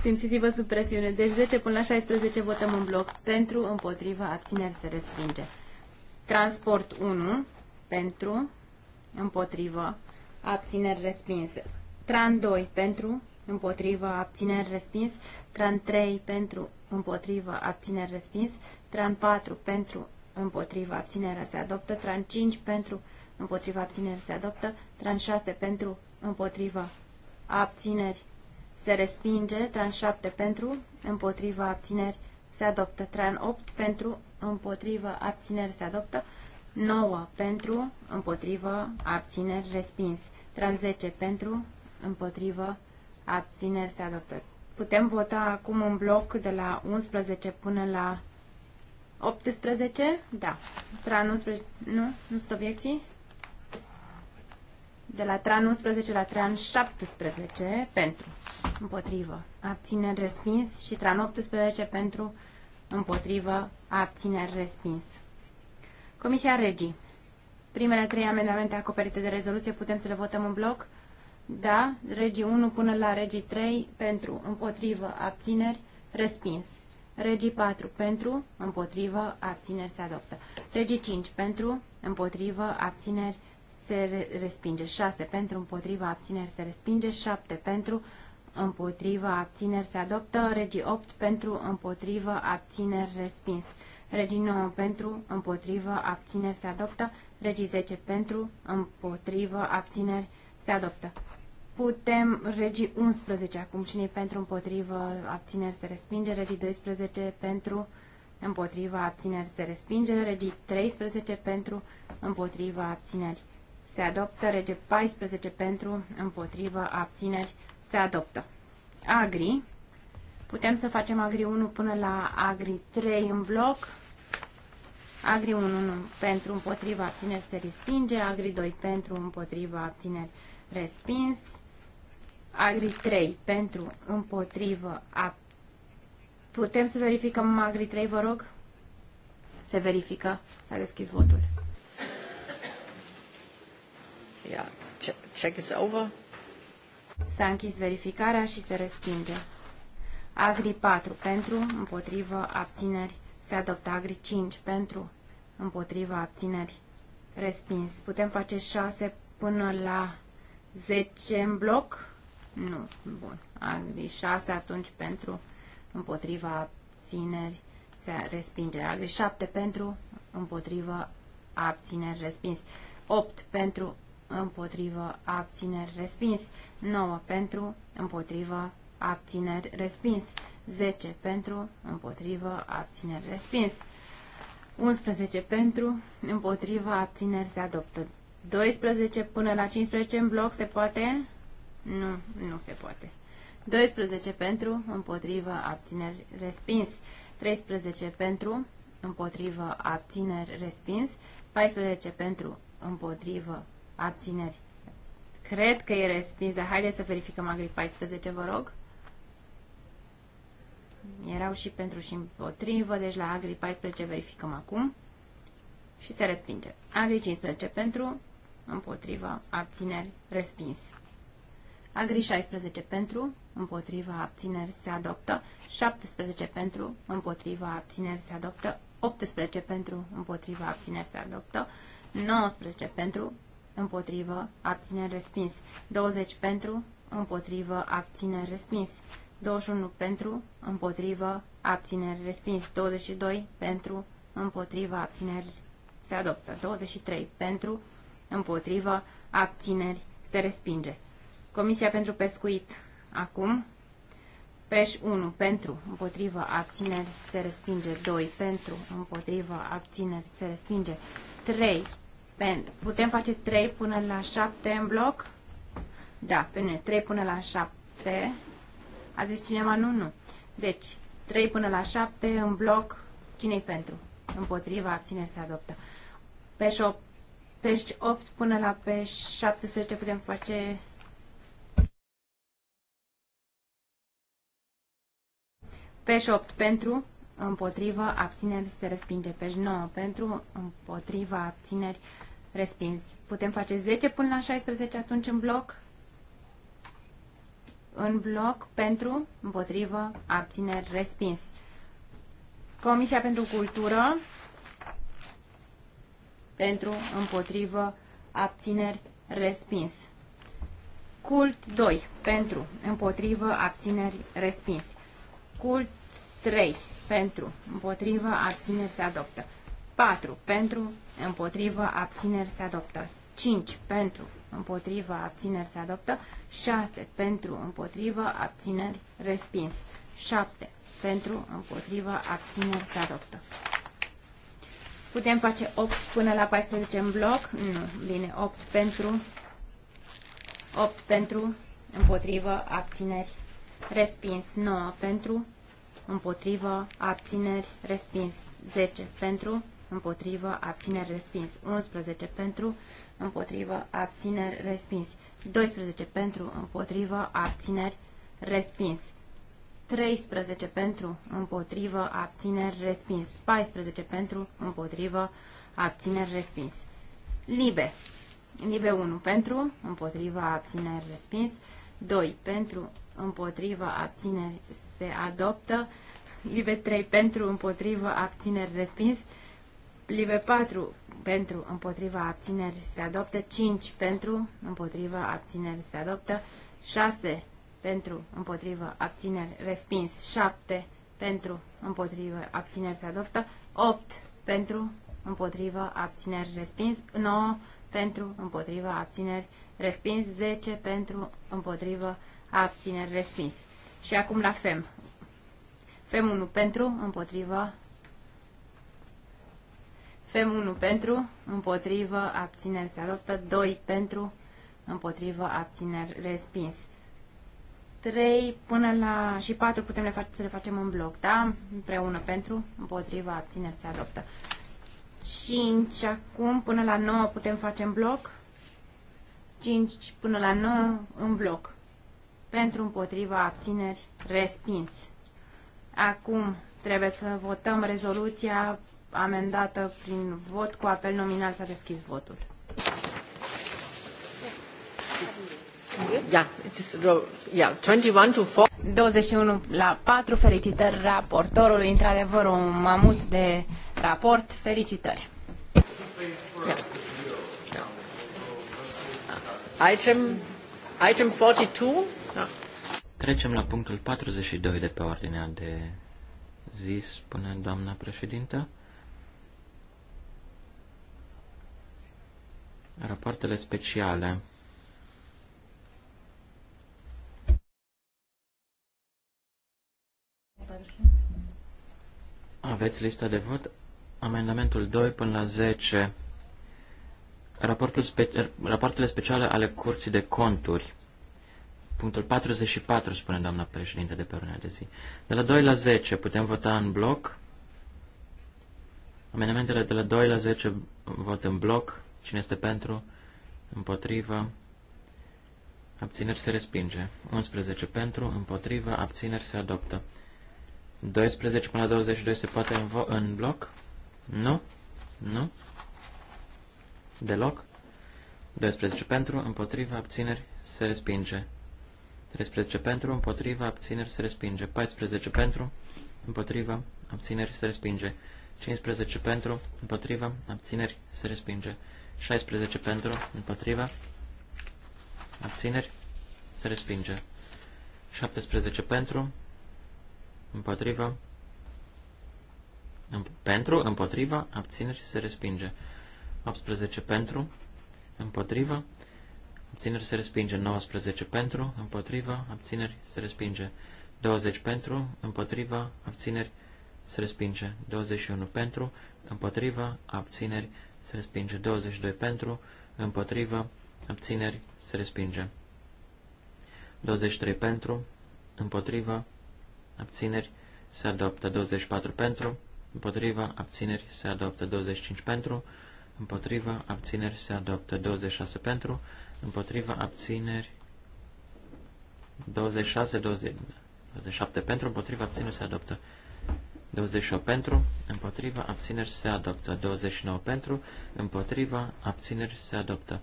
Simțiți-vă sub presiune. Deci 10 până la 16 votăm în bloc. Pentru, împotrivă, abțineri se respinge. Transport 1 pentru, împotrivă, abțineri respinse. Tran 2 pentru, împotrivă, abțineri respins. Tran 3 pentru, împotrivă, abțineri respins. Tran 4 pentru, împotrivă, abținerea se adoptă. Tran 5 pentru, împotrivă, abțineri se adoptă. Tran 6 pentru, împotrivă, abțineri se respinge. Tran 7 pentru, împotrivă, abțineri se adoptă. Tran 8 pentru, împotrivă, abțineri se adoptă. 9 pentru, împotrivă, abțineri, respins. Tran 10 pentru, împotrivă, abțineri se adoptă. Putem vota acum în bloc de la 11 până la 18? Da. Tran 11, nu? Nu sunt obiecții? De la tran 11 la tran 17 pentru, împotrivă, abțineri, respins și tran 18 pentru, împotrivă, abțineri, respins. Comisia Regii. Primele trei amendamente acoperite de rezoluție putem să le votăm în bloc? Da, regii 1 până la regii 3 pentru, împotrivă, abțineri, respins. Regii 4 pentru, împotrivă, abțineri se adoptă. Regii 5 pentru, împotrivă, abțineri se respinge. 6 pentru, împotrivă, abțineri se respinge. 7 pentru, împotrivă, abțineri se adoptă, regii 8 pentru, împotrivă, abțineri respins, regii 9 pentru, împotrivă, abțineri se adoptă, regii 10 pentru, împotrivă, abțineri se adoptă. Putem regii 11 acum, cine pentru, împotrivă, abțineri se respinge, regii 12 pentru, împotriva abțineri se respinge, regii 13 pentru, împotriva abțineri se adoptă, regii 14 pentru, împotriva abțineri se adoptă. Agri. Putem să facem Agri 1 până la Agri 3 în bloc. Agri 1 nu, pentru împotriva abțineri se respinge. Agri 2 pentru împotriva abțineri respins. Agri 3 pentru împotrivă a... Putem să verificăm Agri 3, vă rog? Se verifică. S-a deschis votul. Yeah. check is over. S-a închis verificarea și se respinge. Agri 4 pentru, împotrivă, abțineri. Se adoptă Agri 5 pentru, împotrivă, abțineri. Respins. Putem face 6 până la 10 în bloc? Nu. Bun. Agri 6 atunci pentru, împotrivă, abțineri. Se respinge. Agri 7 pentru, împotrivă, abțineri. Respins. 8 pentru, împotrivă, abțineri, respins. 9 pentru, împotrivă, abțineri, respins. 10 pentru, împotrivă, abțineri, respins. 11 pentru, împotrivă, abțineri, se adoptă. 12 până la 15 în bloc se poate? Nu, nu se poate. 12 pentru, împotrivă, abțineri, respins. 13 pentru, împotrivă, abțineri, respins. 14 pentru, împotrivă, Abțineri. Cred că e respins, dar haideți să verificăm Agri 14, vă rog. Erau și pentru și împotrivă, deci la Agri 14 verificăm acum. Și se respinge. Agri 15 pentru, împotriva, abțineri, respins. Agri 16 pentru, împotriva, abțineri, se adoptă. 17 pentru, împotriva, abțineri, se adoptă. 18 pentru, împotriva, abțineri, se adoptă. 19 pentru, împotrivă, abțineri, respins. 20 pentru, împotrivă, abțineri, respins. 21 pentru, împotrivă, abțineri, respins. 22 pentru, împotrivă, abțineri, se adoptă. 23 pentru, împotrivă, abțineri, se respinge. Comisia pentru pescuit acum. Peș 1 pentru, împotrivă, abțineri, se respinge. 2 pentru, împotrivă, abțineri, se respinge. 3 Putem face 3 până la 7 în bloc? Da, bine, 3 până la 7. A zis cineva nu? Nu. Deci, 3 până la 7 în bloc. Cine-i pentru? Împotriva, abțineri se adoptă. Pe 8, peș 8 până la pe 17 putem face... Peș 8 pentru, împotrivă, abțineri, se respinge. Page 9 pentru, împotrivă, abțineri, respins. Putem face 10 până la 16 atunci în bloc? În bloc, pentru, împotrivă, abțineri, respins. Comisia pentru Cultură, pentru, împotrivă, abțineri, respins. Cult 2, pentru, împotrivă, abțineri, respins. Cult 3, pentru, împotrivă, abțineri se adoptă. 4. Pentru, împotrivă, abțineri se adoptă. 5. Pentru, împotrivă, abțineri se adoptă. 6. Pentru, împotrivă, abțineri respins. 7. Pentru, împotrivă, abțineri se adoptă. Putem face 8 până la 14 în bloc? Nu. Bine, 8 pentru, 8 pentru, împotrivă, abțineri respins. 9 pentru, împotrivă, abțineri, respins. 10 pentru, împotrivă, abțineri, respins. 11 pentru, împotrivă, abțineri, respins. 12 pentru, împotrivă, abțineri, respins. 13 pentru, împotrivă, abțineri, respins. 14 pentru, împotrivă, abțineri, respins. Libe. Libe 1 pentru, împotrivă, abțineri, respins. 2 pentru, împotrivă, abțineri, se adoptă. Live 3 pentru, împotrivă, abțineri, respins. Live 4 pentru, împotriva, abțineri, se adoptă. 5 pentru, împotriva, abțineri, se adoptă. 6 pentru, împotrivă, abțineri, respins. 7 pentru, împotrivă, abțineri, se adoptă. 8 pentru, împotrivă, abțineri, respins. 9 pentru, împotrivă, abțineri, respins. 10 pentru, împotrivă, abțineri, respins. Și acum la FEM. FEM 1 pentru, împotriva. FEM 1 pentru, împotrivă, abțineri se adoptă. 2 pentru, împotrivă, abțineri respins. 3 până la și 4 putem le face, să le facem în bloc, da? Împreună pentru, împotriva, abțineri se adoptă. 5 acum până la 9 putem face în bloc. 5 până la 9 în bloc pentru împotriva abțineri respins. Acum trebuie să votăm rezoluția amendată prin vot cu apel nominal. S-a deschis votul. Yeah, it's, yeah, 21, to 4. 21 la 4. Felicitări raportorului. Într-adevăr, un mamut de raport. Felicitări. Yeah. Yeah. Item, item 42. Trecem la punctul 42 de pe ordinea de zi, spune doamna președintă. Rapoartele speciale. Aveți lista de vot? Amendamentul 2 până la 10. Raportul spe- rapoartele speciale ale Curții de Conturi. Punctul 44, spune doamna președinte de pe ordinea de zi. De la 2 la 10 putem vota în bloc. Amendamentele de la 2 la 10 vot în bloc. Cine este pentru? Împotrivă. Abțineri se respinge. 11 pentru, împotrivă, abțineri se adoptă. 12 până la 22 se poate în, în bloc? Nu? Nu? Deloc? 12 pentru, împotrivă, abțineri se respinge. 13 pentru, împotriva, abțineri, se respinge. 14 pentru, împotriva, abțineri, se respinge. 15 pentru, împotriva, abțineri, se respinge. 16 pentru, împotriva, abțineri, se respinge. 17 pentru, împotriva, în, pentru, împotriva, abțineri, se respinge. 18 pentru, împotriva, abțineri se respinge 19 pentru, împotriva, abțineri se respinge 20 pentru, împotriva, abțineri se respinge 21 pentru, împotriva, abțineri se respinge 22 pentru, împotriva, abțineri se respinge 23 pentru, împotriva, abțineri se adoptă 24 pentru, împotriva, abțineri se adoptă 25 pentru, împotriva, abțineri se adoptă 26 pentru, împotriva abțineri 26, 27 pentru, împotriva abțineri se adoptă 28 pentru, împotriva abțineri se adoptă 29 pentru, împotriva abțineri se adoptă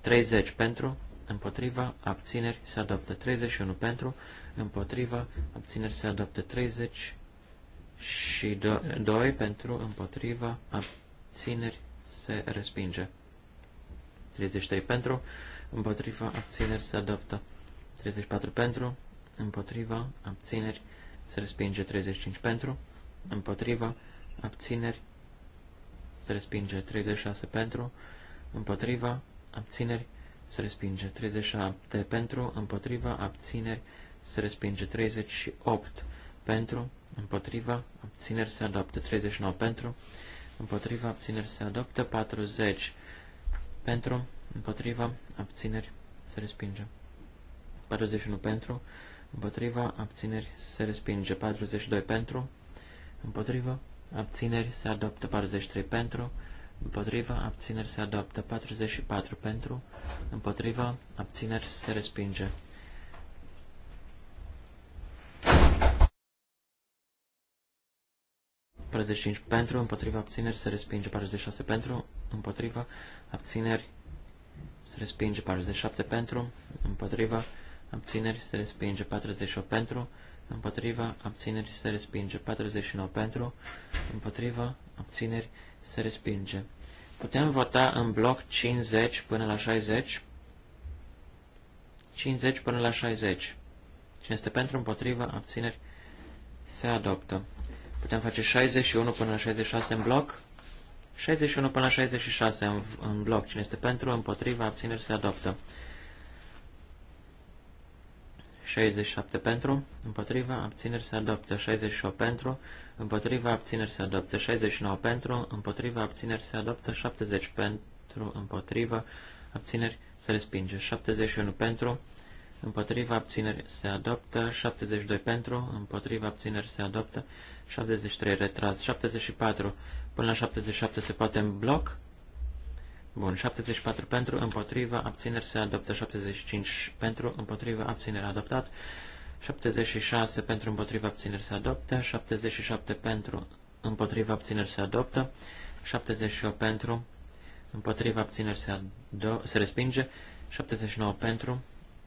30 pentru, împotriva abțineri se adoptă 31 pentru, împotriva abțineri se adoptă 30 și 2 pentru, împotriva abțineri se respinge. 33 pentru, împotriva abțineri se adoptă. 34 pentru, împotriva abțineri se respinge. 35 pentru, împotriva abțineri se respinge. 36 pentru, împotriva abțineri se respinge. 37 pentru, împotriva abțineri se respinge. 38 pentru, împotriva abțineri se adoptă. 39 pentru, împotriva abțineri se adoptă. 40 pentru, împotriva, abțineri, se respinge. 41 pentru, împotriva, abțineri, se respinge. 42 pentru, împotriva, abțineri, se adoptă. 43 pentru, împotriva, abțineri, se adoptă. 44 pentru, împotriva, abțineri, se respinge. 45 pentru, împotriva abțineri se respinge 46 pentru, împotriva abțineri se respinge 47 pentru, împotriva abțineri se respinge 48 pentru, împotriva abțineri se respinge 49 pentru, împotriva abțineri se respinge. Putem vota în bloc 50 până la 60. 50 până la 60. Cine este pentru, împotriva, abțineri, se adoptă. Putem face 61 până la 66 în bloc. 61 până la 66 în, în bloc. Cine este pentru, împotriva, abțineri, se adoptă. 67 pentru, împotriva, abțineri se adoptă, 68 pentru, împotriva, abțineri se adoptă, 69 pentru, împotriva, abțineri se adoptă, 70 pentru, împotriva, abțineri se respinge, 71 pentru, împotriva abțineri se adoptă, 72 pentru, împotriva abțineri se adoptă, 73 retras, 74 până la 77 se poate în bloc. Bun, 74 pentru, împotriva abțineri se adoptă, 75 pentru, împotriva abțineri adoptat, 76 pentru, împotriva abțineri se adoptă, 77 pentru, împotriva abțineri se adoptă, 78 pentru, împotriva abțineri se, se respinge, 79 pentru,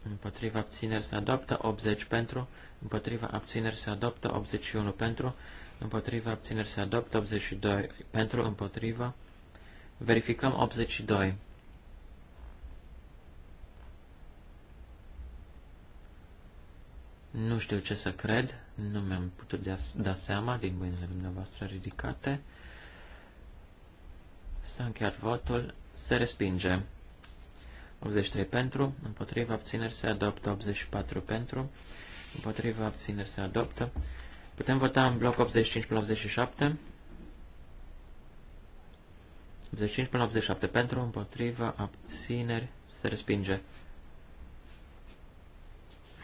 împotriva abțineri se adoptă, 80 pentru, împotriva abțineri se adoptă, 81 pentru, împotriva abțineri se adoptă, 82 pentru, împotriva. Verificăm 82. Nu știu ce să cred, nu mi-am putut da, seama din mâinile dumneavoastră ridicate. S-a încheiat votul, se respinge. 83 pentru, împotriva abțineri se adoptă 84 pentru, împotriva abțineri se adoptă. Putem vota în bloc 85 până 87. 85 până 87 pentru, împotriva abțineri se respinge.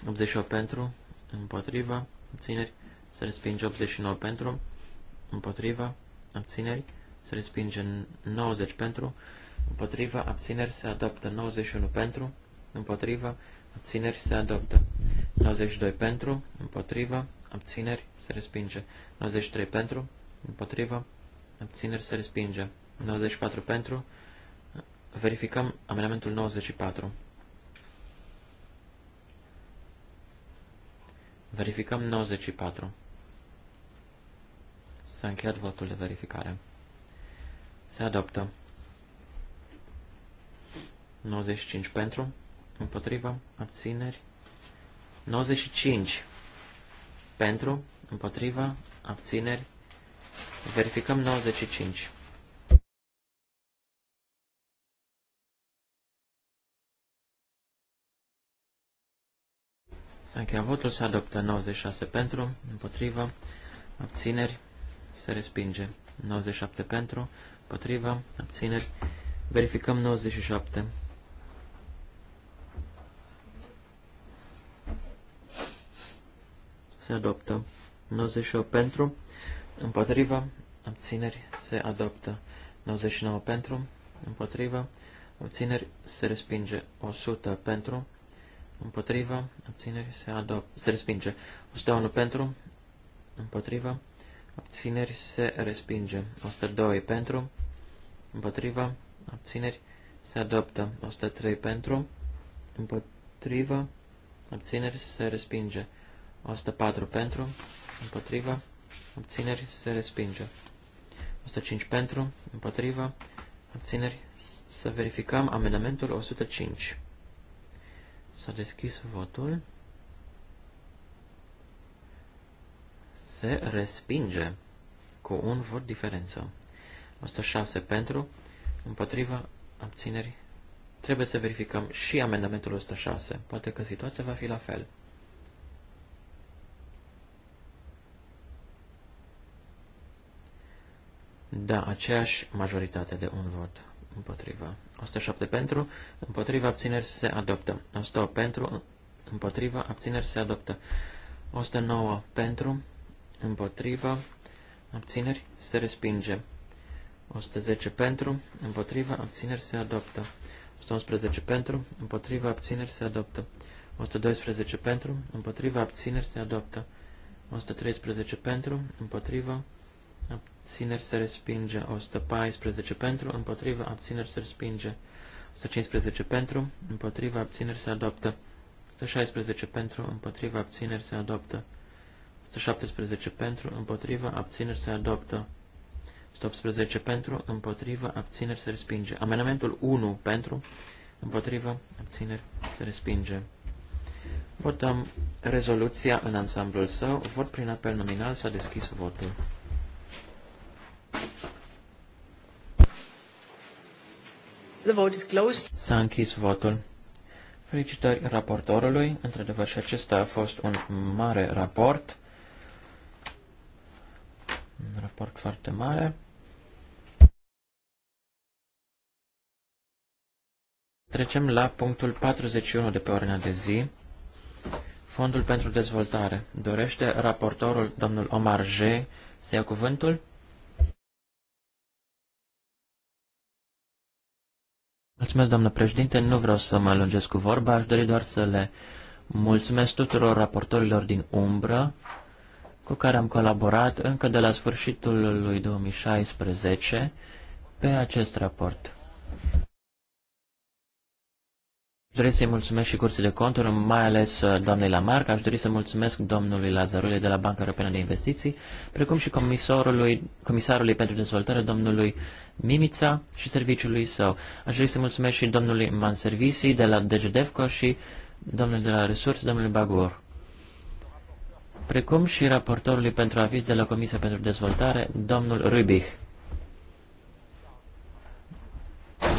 88 pentru, împotriva abțineri se respinge 89 pentru, împotriva abțineri se respinge 90 pentru, împotriva, abțineri se adoptă. 91 pentru, împotriva, abțineri se adoptă. 92 pentru, împotriva, abțineri se respinge. 93 pentru, împotriva, abțineri se respinge. 94 pentru, verificăm amendamentul 94. Verificăm 94. S-a încheiat votul de verificare. Se adoptă. 95 pentru, împotriva, abțineri. 95 pentru, împotriva, abțineri. Verificăm 95. S-a încheiat votul, se adoptă 96 pentru, împotriva, abțineri, se respinge. 97 pentru, împotriva, abțineri, verificăm 97. se adoptă. 98 pentru, împotriva, abțineri, se adoptă. 99 pentru, împotriva, abțineri, se respinge. 100 pentru, împotriva, abțineri, se, adoptă, se respinge. 101 pentru, împotriva, abțineri, se respinge. 102 pentru, împotriva, abțineri, se adoptă. 103 pentru, împotriva, abțineri, se respinge. 104 pentru, împotriva, abțineri, se respinge. 105 pentru, împotriva, abțineri, să verificăm amendamentul 105. S-a deschis votul. Se respinge cu un vot diferență. 106 pentru, împotriva, abțineri. Trebuie să verificăm și amendamentul 106. Poate că situația va fi la fel. Da, aceeași majoritate de un vot împotriva. 107 pentru, împotriva abțineri se adoptă. 108 pentru, împotriva abțineri se adoptă. 109 pentru, împotriva abțineri se respinge. 110 pentru, împotriva abțineri se adoptă. 111 pentru, împotriva abțineri se adoptă. 112 pentru, împotriva abțineri se adoptă. 113 pentru, împotriva abțineri se respinge, 114 pentru, împotriva, abțineri se respinge, 115 pentru, împotriva, abțineri se adoptă, 116 pentru, împotriva, abțineri se adoptă, 117 pentru, împotriva, abțineri se adoptă, 118 pentru, împotriva, abțineri se respinge, amenamentul 1 pentru, împotriva, abțineri se respinge. Votăm rezoluția în ansamblul său, vot prin apel nominal, s-a deschis votul. The vote is closed. S-a închis votul. Felicitări raportorului. Într-adevăr, și acesta a fost un mare raport. Un raport foarte mare. Trecem la punctul 41 de pe ordinea de zi. Fondul pentru dezvoltare. Dorește raportorul, domnul Omar J, să ia cuvântul? Mulțumesc, doamnă președinte. Nu vreau să mă lungesc cu vorba. Aș dori doar să le mulțumesc tuturor raportorilor din umbră cu care am colaborat încă de la sfârșitul lui 2016 pe acest raport. Aș dori să-i mulțumesc și cursii de conturi, mai ales uh, doamnei Lamarca. Aș dori să mulțumesc domnului Lazarule de la Banca Europeană de Investiții, precum și comisarului, comisarului pentru dezvoltare, domnului Mimița și serviciului său. Aș vrea să mulțumesc și domnului Manservisi de la DGDEFCO și domnului de la Resurs, domnului Bagur, precum și raportorului pentru aviz de la Comisia pentru Dezvoltare, domnul Rubich.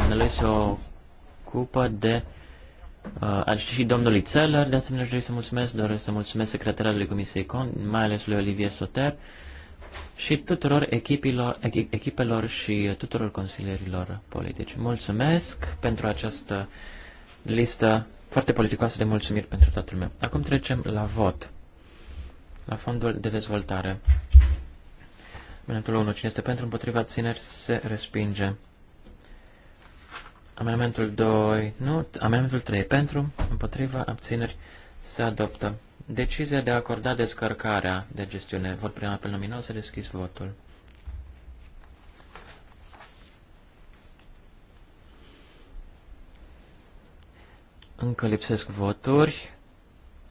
Domnului se ocupă de uh, și domnului Țeller, de asemenea aș vrea să mulțumesc, doresc să mulțumesc secretarului Comisiei Con, mai ales lui Olivier Soter, uh, și tuturor echipilor, echipelor și tuturor consilierilor politici. Mulțumesc pentru această listă foarte politicoasă de mulțumiri pentru toată lumea. Acum trecem la vot, la fondul de dezvoltare. Amendamentul 1. Cine este pentru, împotriva, țineri se respinge. Amendamentul 2. Nu. Amendamentul 3. Pentru, împotriva, abțineri, se adoptă. Decizia de a acorda descărcarea de gestiune. Vot prin apel nominal să deschis votul. Încă lipsesc voturi,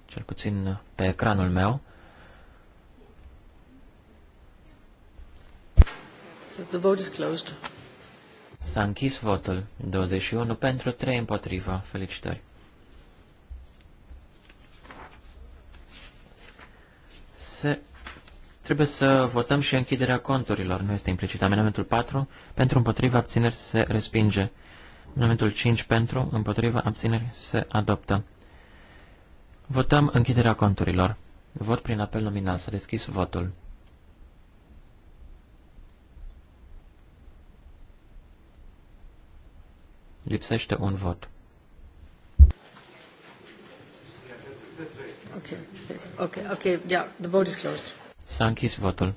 cel puțin pe ecranul meu. The vote is closed. S-a închis votul. 21 pentru, 3 împotriva. Felicitări. 6, trebuie să votăm și închiderea conturilor. Nu este implicit. Amendamentul 4, pentru împotriva abțineri se respinge. Amendamentul 5, pentru împotriva abțineri se adoptă. Votăm închiderea conturilor. Vot prin apel nominal. S-a deschis votul. Lipsește un vot. Okay. Okay, okay, yeah, the vote is closed. S-a închis votul.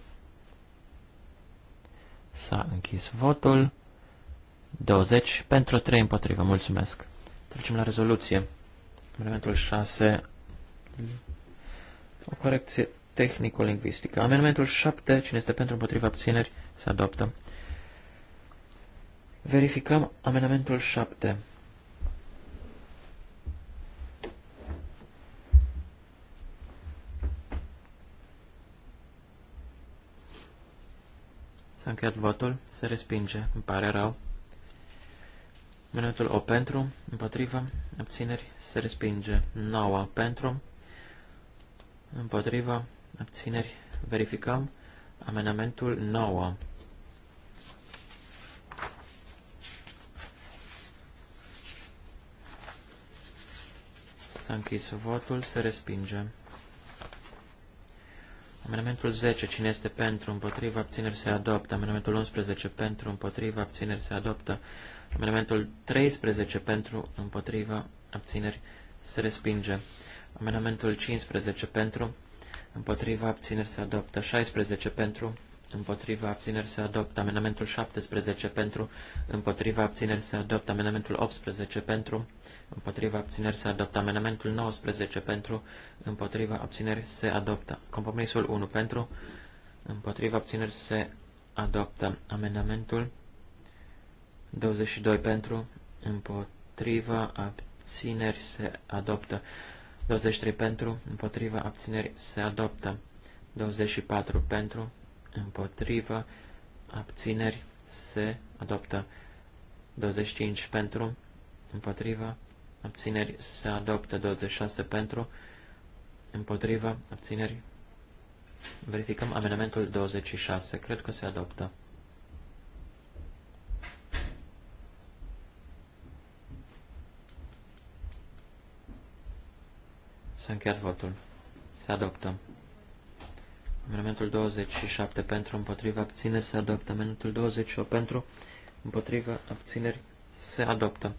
S-a închis votul. 20 pentru 3 împotrivă. Mulțumesc. Trecem la rezoluție. Amendamentul 6. O corecție tehnico-lingvistică. Amendamentul 7. Cine este pentru împotriva abțineri, se adoptă. Verificăm amendamentul 7. S-a încheiat votul. Se respinge. Îmi pare rău. Minutul O pentru, împotrivă, abțineri, se respinge. 9 pentru, împotrivă, abțineri, verificăm. Amenamentul 9. S-a închis votul, se respinge. Amendamentul 10. Cine este pentru, împotriva, abțineri, se adoptă. Amendamentul 11. Pentru, împotriva, abțineri, se adoptă. Amendamentul 13. Pentru, împotriva, abțineri, se respinge. Amendamentul 15. Pentru, împotriva, abțineri, se adoptă. 16. Pentru, împotriva, abțineri, se adoptă. Amendamentul 17. Pentru, împotriva, abțineri, se adoptă. Amendamentul 18. Pentru, împotriva abțineri se adoptă. Amendamentul 19 pentru, împotriva abțineri se adoptă. Compromisul 1 pentru, împotriva abțineri se adoptă. Amendamentul 22 pentru, împotriva abțineri se adoptă. 23 pentru, împotriva abțineri se adoptă. 24 pentru, împotriva abțineri se adoptă. 25 pentru, împotriva abțineri se adoptă 26 pentru, împotriva, abțineri. Verificăm amendamentul 26. Cred că se adoptă. S-a încheiat votul. Se adoptă. Amendamentul 27 pentru, împotriva, abțineri se adoptă. Amendamentul 28 pentru, împotriva, abțineri se adoptă.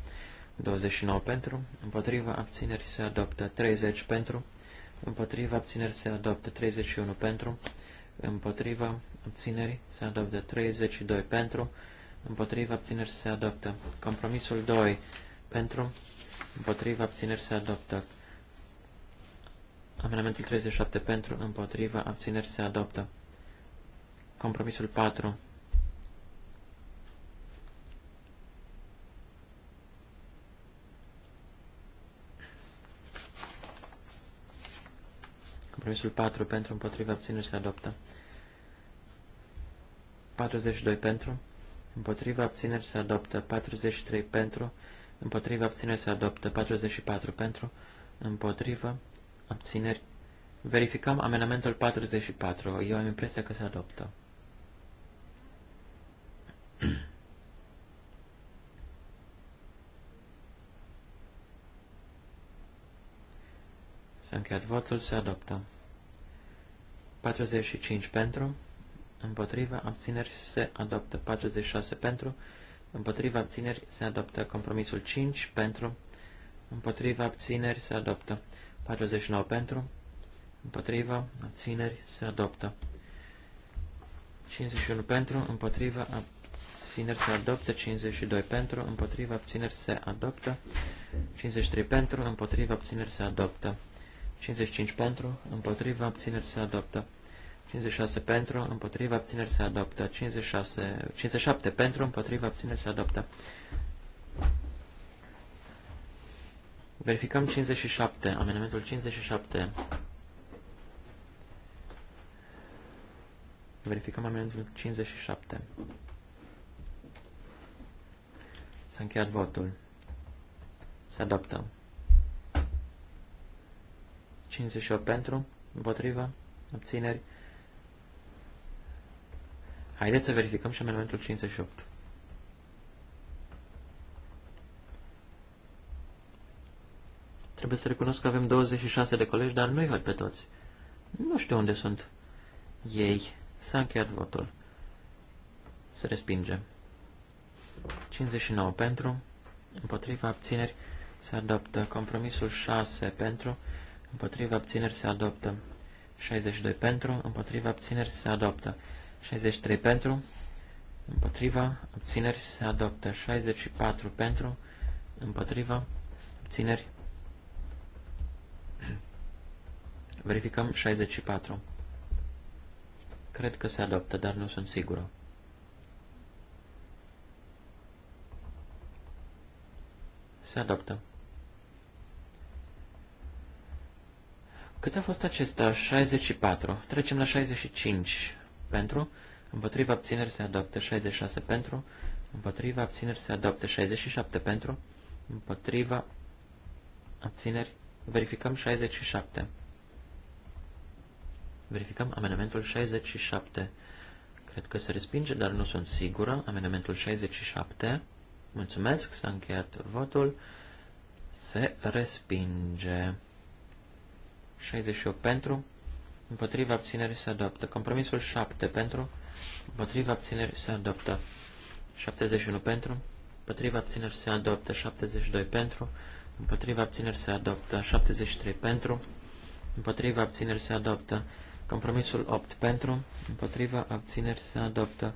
29 pentru, împotriva abțineri se adoptă 30 pentru, împotriva abțineri se adoptă 31 pentru, împotriva abțineri se adoptă 32 pentru, împotriva abțineri se adoptă compromisul 2 pentru, împotriva abțineri se adoptă amendamentul 37 pentru, împotriva abțineri se adoptă compromisul 4 Compromisul 4 pentru, împotriva și se adoptă. 42 pentru, împotriva abțineri se adoptă. 43 pentru, împotriva abțineri se adoptă. 44 pentru, împotriva abțineri. Verificăm amenamentul 44. Eu am impresia că se adoptă. S-a încheiat votul, se adoptă. 45 pentru, împotriva abțineri se adoptă 46 pentru, împotriva abțineri se adoptă compromisul 5 pentru, împotriva abțineri se adoptă 49 pentru, împotriva abțineri se adoptă 51 pentru, împotriva abțineri se adoptă 52 pentru, împotriva abțineri se adoptă 53 pentru, împotriva abțineri se adoptă 55 pentru, împotriva abțineri se adoptă 56 pentru, împotriva, abțineri se adoptă. 56, 57 pentru, împotriva, abțineri se adoptă. Verificăm 57, amendamentul 57. Verificăm amendamentul 57. S-a încheiat votul. Se adoptă. 58 pentru, împotriva, abțineri, Haideți să verificăm și amendamentul 58. Trebuie să recunosc că avem 26 de colegi, dar nu-i văd pe toți. Nu știu unde sunt ei. S-a încheiat votul. Se respinge. 59 pentru, împotriva abțineri se adoptă. Compromisul 6 pentru, împotriva abțineri se adoptă. 62 pentru, împotriva abțineri se adoptă. 63 pentru, împotriva, abțineri se adoptă. 64 pentru, împotriva, abțineri. Verificăm 64. Cred că se adoptă, dar nu sunt sigură. Se adoptă. Cât a fost acesta? 64. Trecem la 65 pentru, împotriva abțineri se adoptă 66 pentru, împotriva abțineri se adoptă 67 pentru, împotriva abțineri, verificăm 67. Verificăm amendamentul 67. Cred că se respinge, dar nu sunt sigură. Amendamentul 67. Mulțumesc, s-a încheiat votul. Se respinge. 68 pentru, împotriva abținerii se adoptă. Compromisul 7 pentru, împotriva abținerii se adoptă. 71 pentru, împotriva abținerii se adoptă. 72 pentru, împotriva abținerii se adoptă. 73 pentru, împotriva abținerii se adoptă. Compromisul 8 pentru, împotriva abținerii se adoptă.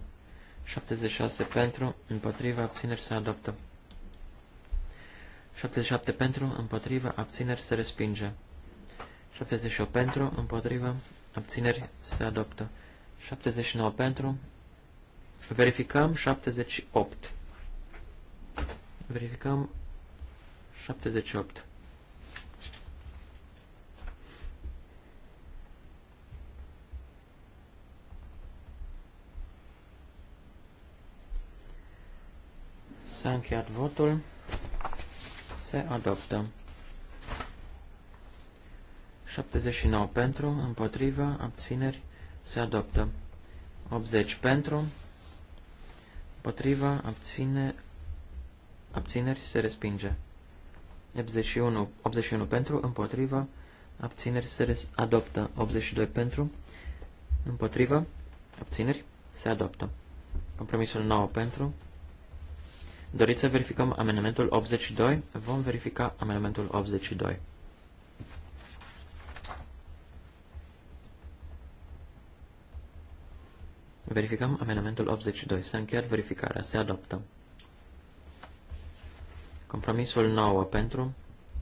76 pentru, împotriva abținerii se adoptă. 77 pentru, împotriva abținerii se respinge. 78 pentru, împotrivă, abțineri, se adoptă. 79 pentru, verificăm 78. Verificăm 78. S-a încheiat votul. Se adoptă. 79 pentru, împotrivă, abțineri, se adoptă. 80 pentru, împotrivă, abține, abțineri, se respinge. 81, 81 pentru, împotrivă, abțineri, se res, adoptă. 82 pentru, împotrivă, abțineri, se adoptă. Compromisul 9 pentru. Doriți să verificăm amendamentul 82? Vom verifica amendamentul 82. Verificăm amendamentul 82. S-a încheiat verificarea. Se adoptă. Compromisul 9 pentru,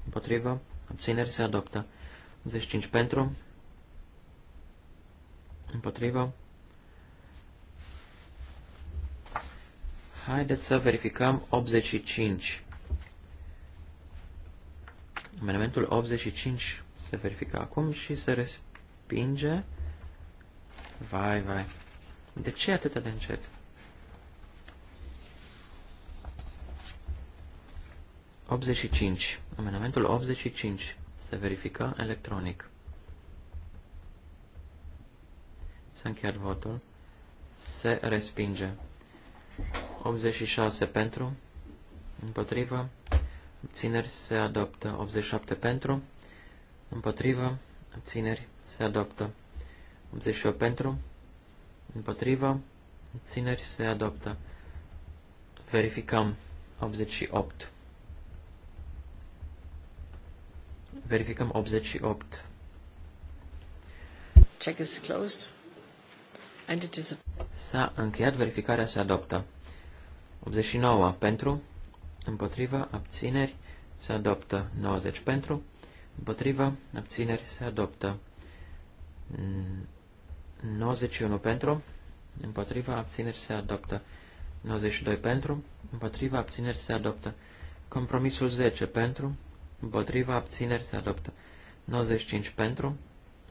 împotrivă, abțineri se adoptă. 25 pentru, împotrivă. Haideți să verificăm 85. Amendamentul 85 se verifică acum și se respinge. Vai, vai. De ce atât de încet? ...85. Amendamentul 85 se verifică electronic. S-a încheiat votul. Se respinge. 86 pentru, împotrivă, abțineri se adoptă. 87 pentru, împotrivă, abțineri se adoptă. 88 pentru, Împotriva, țineri se adoptă. Verificăm 88. Verificăm 88. Check is closed. And it is S-a încheiat, verificarea se adoptă. 89 pentru, împotriva, abțineri, se adoptă. 90 pentru, împotriva, abțineri, se adoptă. 91 pentru, împotriva abțineri se adoptă. 92 pentru, împotriva abțineri se adoptă. Compromisul 10 pentru, împotriva abțineri se adoptă. 95 pentru,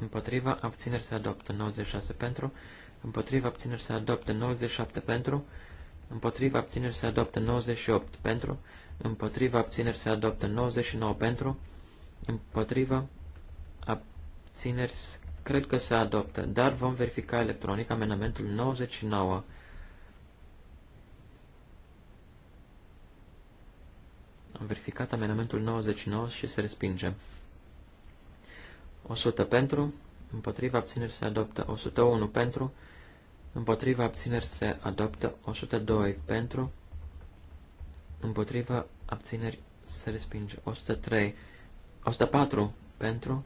împotriva abțineri se adoptă. 96 pentru, împotriva abțineri se adoptă. 97 pentru, împotriva abțineri se adoptă. 98 pentru, împotriva abțineri se adoptă. 99 pentru, împotriva abțineri se Cred că se adoptă, dar vom verifica electronic amendamentul 99. Am verificat amendamentul 99 și se respinge. 100 pentru, împotriva abțineri se adoptă 101 pentru, împotriva abțineri se adoptă 102 pentru, împotriva abțineri se respinge 103, 104 pentru,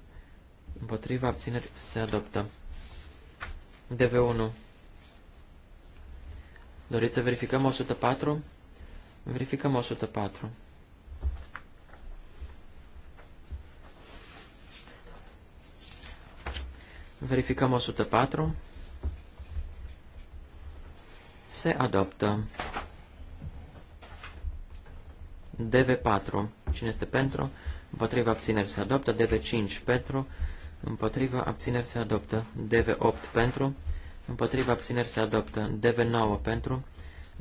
Împotriva abțineri se adoptă. DV1. Doriți să verificăm 104? Verificăm 104. Verificăm 104. Se adoptă. DV4. Cine este pentru? Împotriva abțineri se adoptă. DV5 pentru împotriva abțineri se adoptă, DV8 pentru, împotriva abțineri se adoptă, DV9 pentru,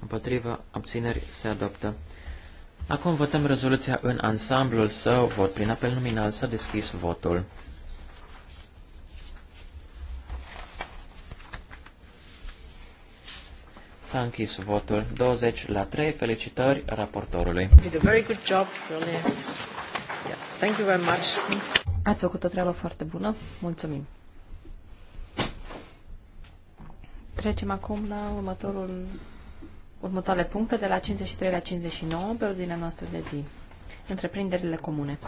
împotriva abțineri se adoptă. Acum votăm rezoluția în ansamblul său, vot prin apel nominal, s-a deschis votul. S-a închis votul 20 la 3. Felicitări raportorului. Did a very good job, really. Yeah. Thank you very much. Ați făcut o treabă foarte bună. Mulțumim. Trecem acum la următorul, următoarele puncte de la 53 la 59 pe ordinea noastră de zi. Întreprinderile comune.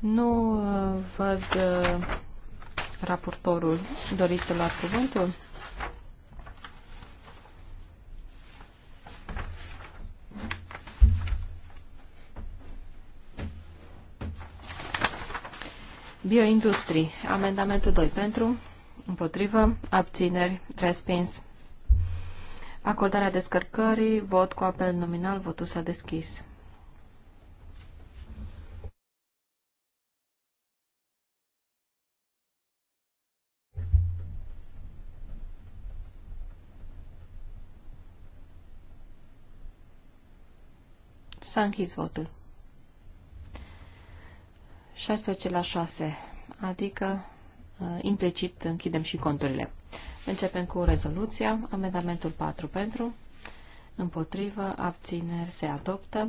Nu uh, văd uh, raportorul. Doriți să luați cuvântul? Bioindustrie. Amendamentul 2 pentru, împotrivă, abțineri, respins. Acordarea descărcării, vot cu apel nominal, votul s-a deschis. S-a închis votul. 16 la 6, adică uh, implicit închidem și conturile. Începem cu rezoluția. Amendamentul 4 pentru, împotrivă, abțineri se adoptă.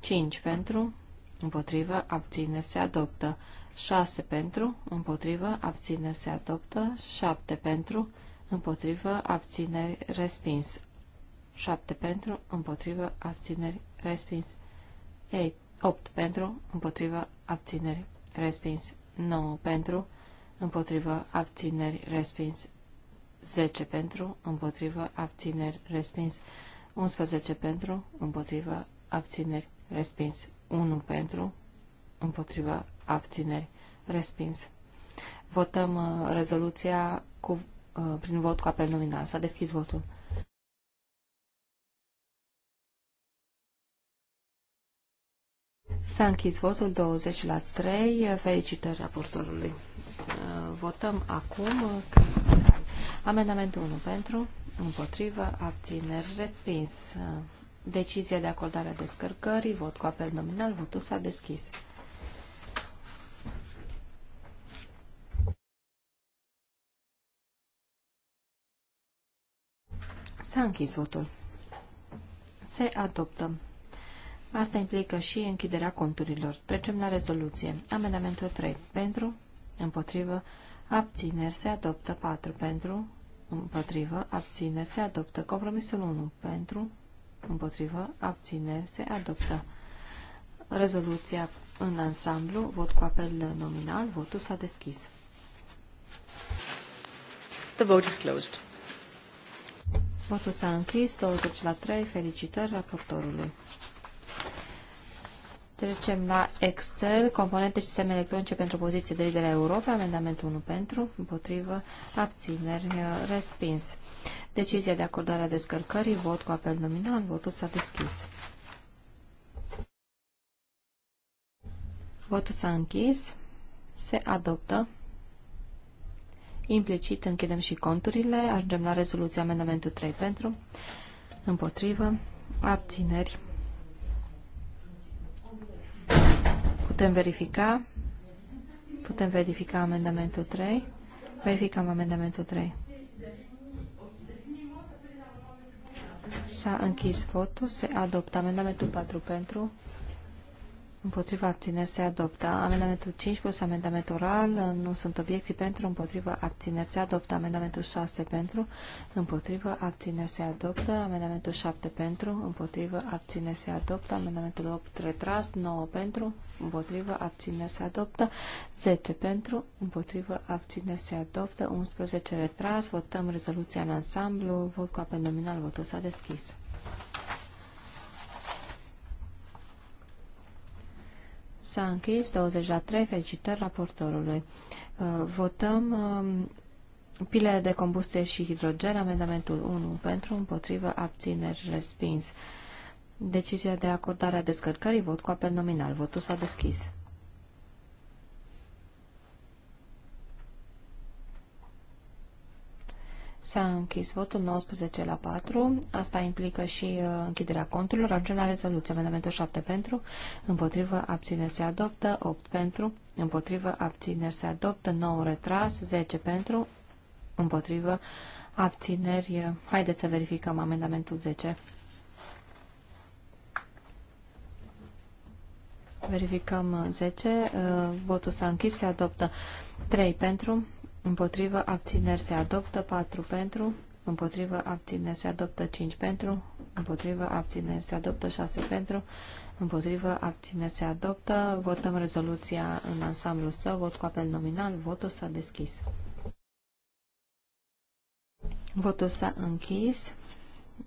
5 pentru, împotrivă, abțineri se adoptă. 6 pentru, împotrivă, abțineri se adoptă. 7 pentru, împotrivă, abțineri respins. 7 pentru, împotrivă, abțineri, respins. 8 pentru, împotrivă, abțineri, respins. 9 pentru, împotrivă, abțineri, respins. 10 pentru, împotrivă, abțineri, respins. 11 pentru, împotrivă, abțineri, respins. 1 pentru, împotrivă, abțineri, respins. Votăm uh, rezoluția cu, uh, prin vot cu apel nominal. S-a deschis votul. S-a închis votul 20 la 3. Felicitări raportorului. Uh, votăm acum uh, amendamentul 1 pentru, împotrivă, abțineri, respins. Uh, decizia de acordare a descărcării, vot cu apel nominal, votul s-a deschis. S-a închis votul. Se adoptă. Asta implică și închiderea conturilor. Trecem la rezoluție. Amendamentul 3. Pentru, împotrivă, abțineri se adoptă 4. Pentru, împotrivă, abțineri se adoptă. Compromisul 1. Pentru, împotrivă, abțineri se adoptă. Rezoluția în ansamblu, vot cu apel nominal, votul s-a deschis. The vote is closed. Votul s-a închis, 20 la 3, felicitări raportorului. Trecem la Excel, componente și semne electronice pentru poziție de lider Europa, amendamentul 1 pentru, împotrivă, abțineri, uh, respins. Decizia de acordare a descărcării, vot cu apel nominal, votul s-a deschis. Votul s-a închis, se adoptă. Implicit închidem și conturile, ajungem la rezoluția amendamentul 3 pentru, împotrivă, abțineri, Putem verifica. Putem verifica amendamentul 3. Verificăm amendamentul 3. S-a închis votul. Se adoptă amendamentul 4 pentru, Împotriva abțineri se adoptă. Amendamentul 5 plus amendament oral. Nu sunt obiecții pentru. Împotriva abțineri se adoptă. Amendamentul 6 pentru. Împotriva abțineri se adoptă. Amendamentul 7 pentru. Împotriva abțineri se adoptă. Amendamentul 8 retras. 9 pentru. Împotriva abțineri se adoptă. 10 pentru. Împotriva abțineri se adoptă. 11 retras. Votăm rezoluția în ansamblu. Vot cu apel nominal. Votul s-a deschis. S-a închis 20 la 3. Felicitări raportorului. Uh, votăm um, pilele de combustie și hidrogen, amendamentul 1 pentru, împotrivă, abțineri, respins. Decizia de acordare a descărcării, vot cu apel nominal. Votul s-a deschis. S-a închis votul 19 la 4. Asta implică și uh, închiderea conturilor. Ajungem la rezoluție. Amendamentul 7 pentru, împotrivă, abțineri se adoptă, 8 pentru, împotrivă, abțineri se adoptă, 9 retras, 10 pentru, împotrivă, abțineri. Haideți să verificăm amendamentul 10. Verificăm 10. Uh, uh, votul s-a închis, se adoptă 3 pentru, împotrivă, abțineri se adoptă 4 pentru, împotrivă, abțineri se adoptă 5 pentru, împotrivă, abțineri se adoptă 6 pentru, împotrivă, abțineri se adoptă. Votăm rezoluția în ansamblu său, vot cu apel nominal, votul s-a deschis. Votul s-a închis.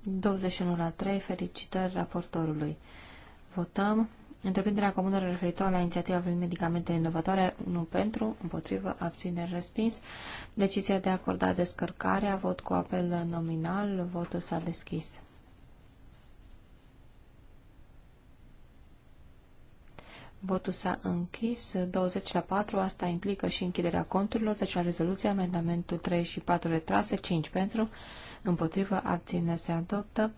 21 la 3, felicitări raportorului. Votăm Întreprinderea comună referitoare la inițiativa privind medicamente inovatoare, nu pentru, împotrivă, abțineri, respins. Decizia de a acorda descărcarea, vot cu apel nominal, votul s-a deschis. Votul s-a închis. 20 la 4. Asta implică și închiderea conturilor. Deci la rezoluție, amendamentul 3 și 4 retrase. 5 pentru. Împotrivă abține se adoptă.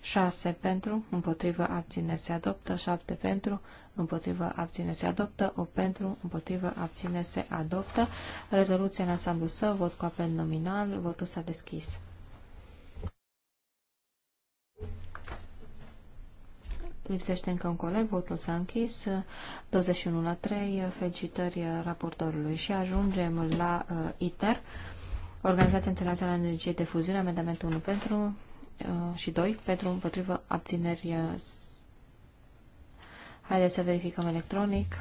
6 pentru. Împotrivă abține se adoptă. 7 pentru. Împotrivă abține se adoptă. 8 pentru. Împotrivă abține se adoptă. Rezoluția în ansamblu său. Vot cu apel nominal. Votul s-a deschis. Lipsește încă un coleg, votul s-a închis, 21 la 3, felicitări raportorului și ajungem la uh, ITER, Organizația Internațională a Energiei de Fuziune, amendamentul 1 pentru uh, și 2 pentru împotrivă abțineri. Uh, Haideți să verificăm electronic.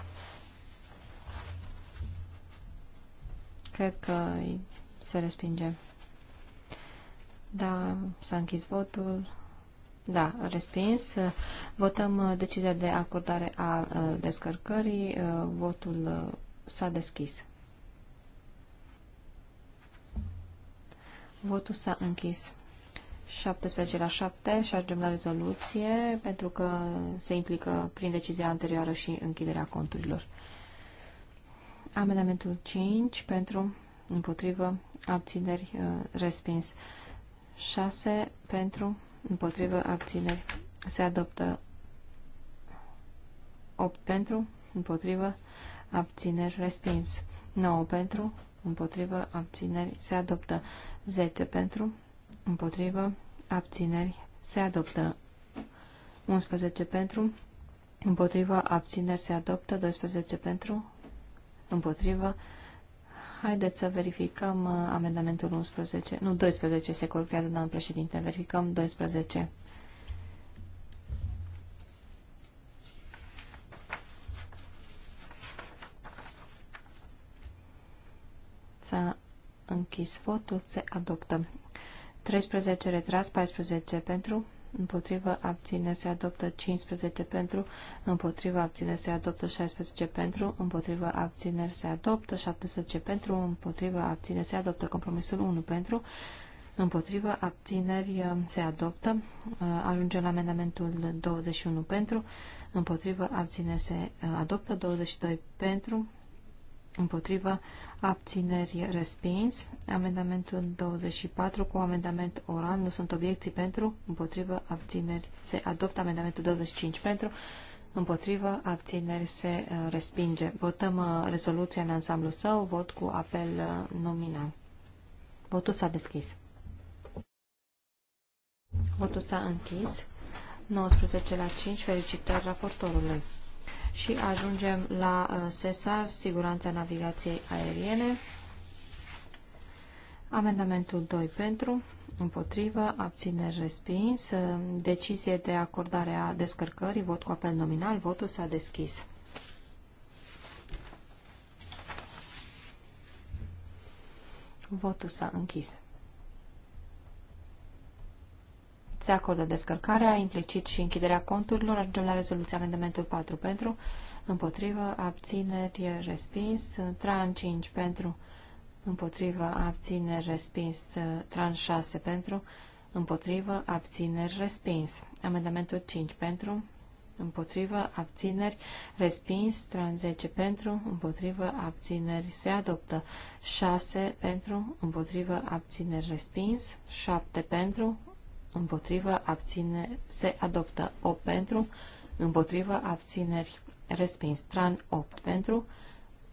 Cred că se respinge. Da, s-a închis votul. Da, respins. Votăm uh, decizia de acordare a uh, descărcării. Uh, votul s-a deschis. Votul s-a închis. 17 la 7 și ajungem la rezoluție pentru că se implică prin decizia anterioară și închiderea conturilor. Amendamentul 5 pentru împotrivă abțineri respins. 6 pentru împotrivă, abțineri, se adoptă 8 pentru, împotrivă, abțineri, respins. 9 pentru, împotrivă, abțineri, se adoptă. 10 pentru, împotrivă, abțineri, se adoptă. 11 pentru, împotrivă, abțineri, se adoptă. 12 pentru, împotrivă, abțineri, Haideți să verificăm uh, amendamentul 11. Nu, 12 se corectează, doamnă președinte. Verificăm 12. S-a închis votul, se adoptă. 13 retras, 14 pentru, împotrivă, abține, se adoptă 15 pentru, împotrivă, abține, se adoptă 16 pentru, împotrivă, abține, se adoptă 17 pentru, împotrivă, abține, se adoptă compromisul 1 pentru, împotrivă, abțineri, se adoptă, ajungem la amendamentul 21 pentru, împotrivă, abține, se adoptă 22 pentru, Împotrivă. Abțineri respins. Amendamentul 24 cu amendament oral. Nu sunt obiecții pentru. Împotrivă. Abțineri. Se adoptă amendamentul 25 pentru. Împotrivă. Abțineri se uh, respinge. Votăm uh, rezoluția în ansamblu său. Vot cu apel uh, nominal. Votul s-a deschis. Votul s-a închis. 19 la 5. Felicitări raportorului și ajungem la uh, SESAR, Siguranța Navigației Aeriene. Amendamentul 2 pentru, împotrivă, abțineri respins, uh, decizie de acordare a descărcării, vot cu apel nominal, votul s-a deschis. Votul s-a închis. Se acordă descărcarea, implicit și închiderea conturilor. Ajungem la rezoluția amendamentul 4 pentru, împotrivă, abțineri, respins. Tran 5 pentru, împotrivă, abțineri, respins. Tran 6 pentru, împotrivă, abțineri, respins. Amendamentul 5 pentru, împotrivă, abțineri, respins, tran 10 pentru, împotrivă, abțineri, se adoptă, 6 pentru, împotrivă, abțineri, respins, 7 pentru, împotrivă, abține, se adoptă 8 pentru, împotrivă, abțineri, respins, tran 8 pentru,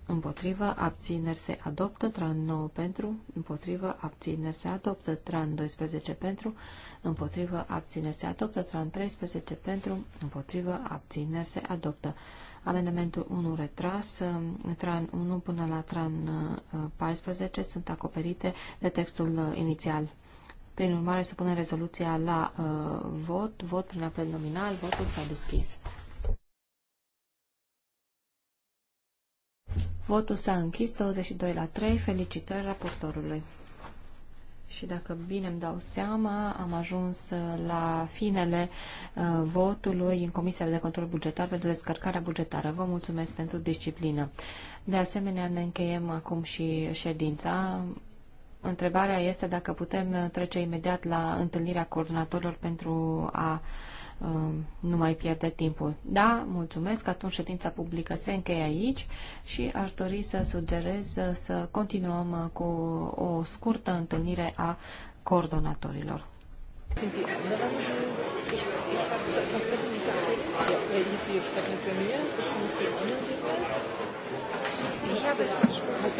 împotrivă, abțineri, se adoptă, tran 9 pentru, împotrivă, abțineri, se adoptă, tran 12 pentru, împotrivă, abțineri, se adoptă, tran 13 pentru, împotrivă, abțineri, se adoptă. Amendamentul 1 retras, um, tran 1 până la tran 14 uh, sunt acoperite de textul uh, inițial. Prin urmare, supunem rezoluția la uh, vot, vot prin apel nominal, votul s-a deschis. Votul s-a închis, 22 la 3, felicitări raportorului. Și dacă bine îmi dau seama, am ajuns uh, la finele uh, votului în Comisia de Control Bugetar pentru descărcarea bugetară. Vă mulțumesc pentru disciplină. De asemenea, ne încheiem acum și ședința. Întrebarea este dacă putem uh, trece imediat la întâlnirea coordonatorilor pentru a uh, nu mai pierde timpul. Da, mulțumesc, atunci ședința publică se încheie aici și aș dori să sugerez uh, să continuăm cu o scurtă întâlnire a coordonatorilor. Ich habe es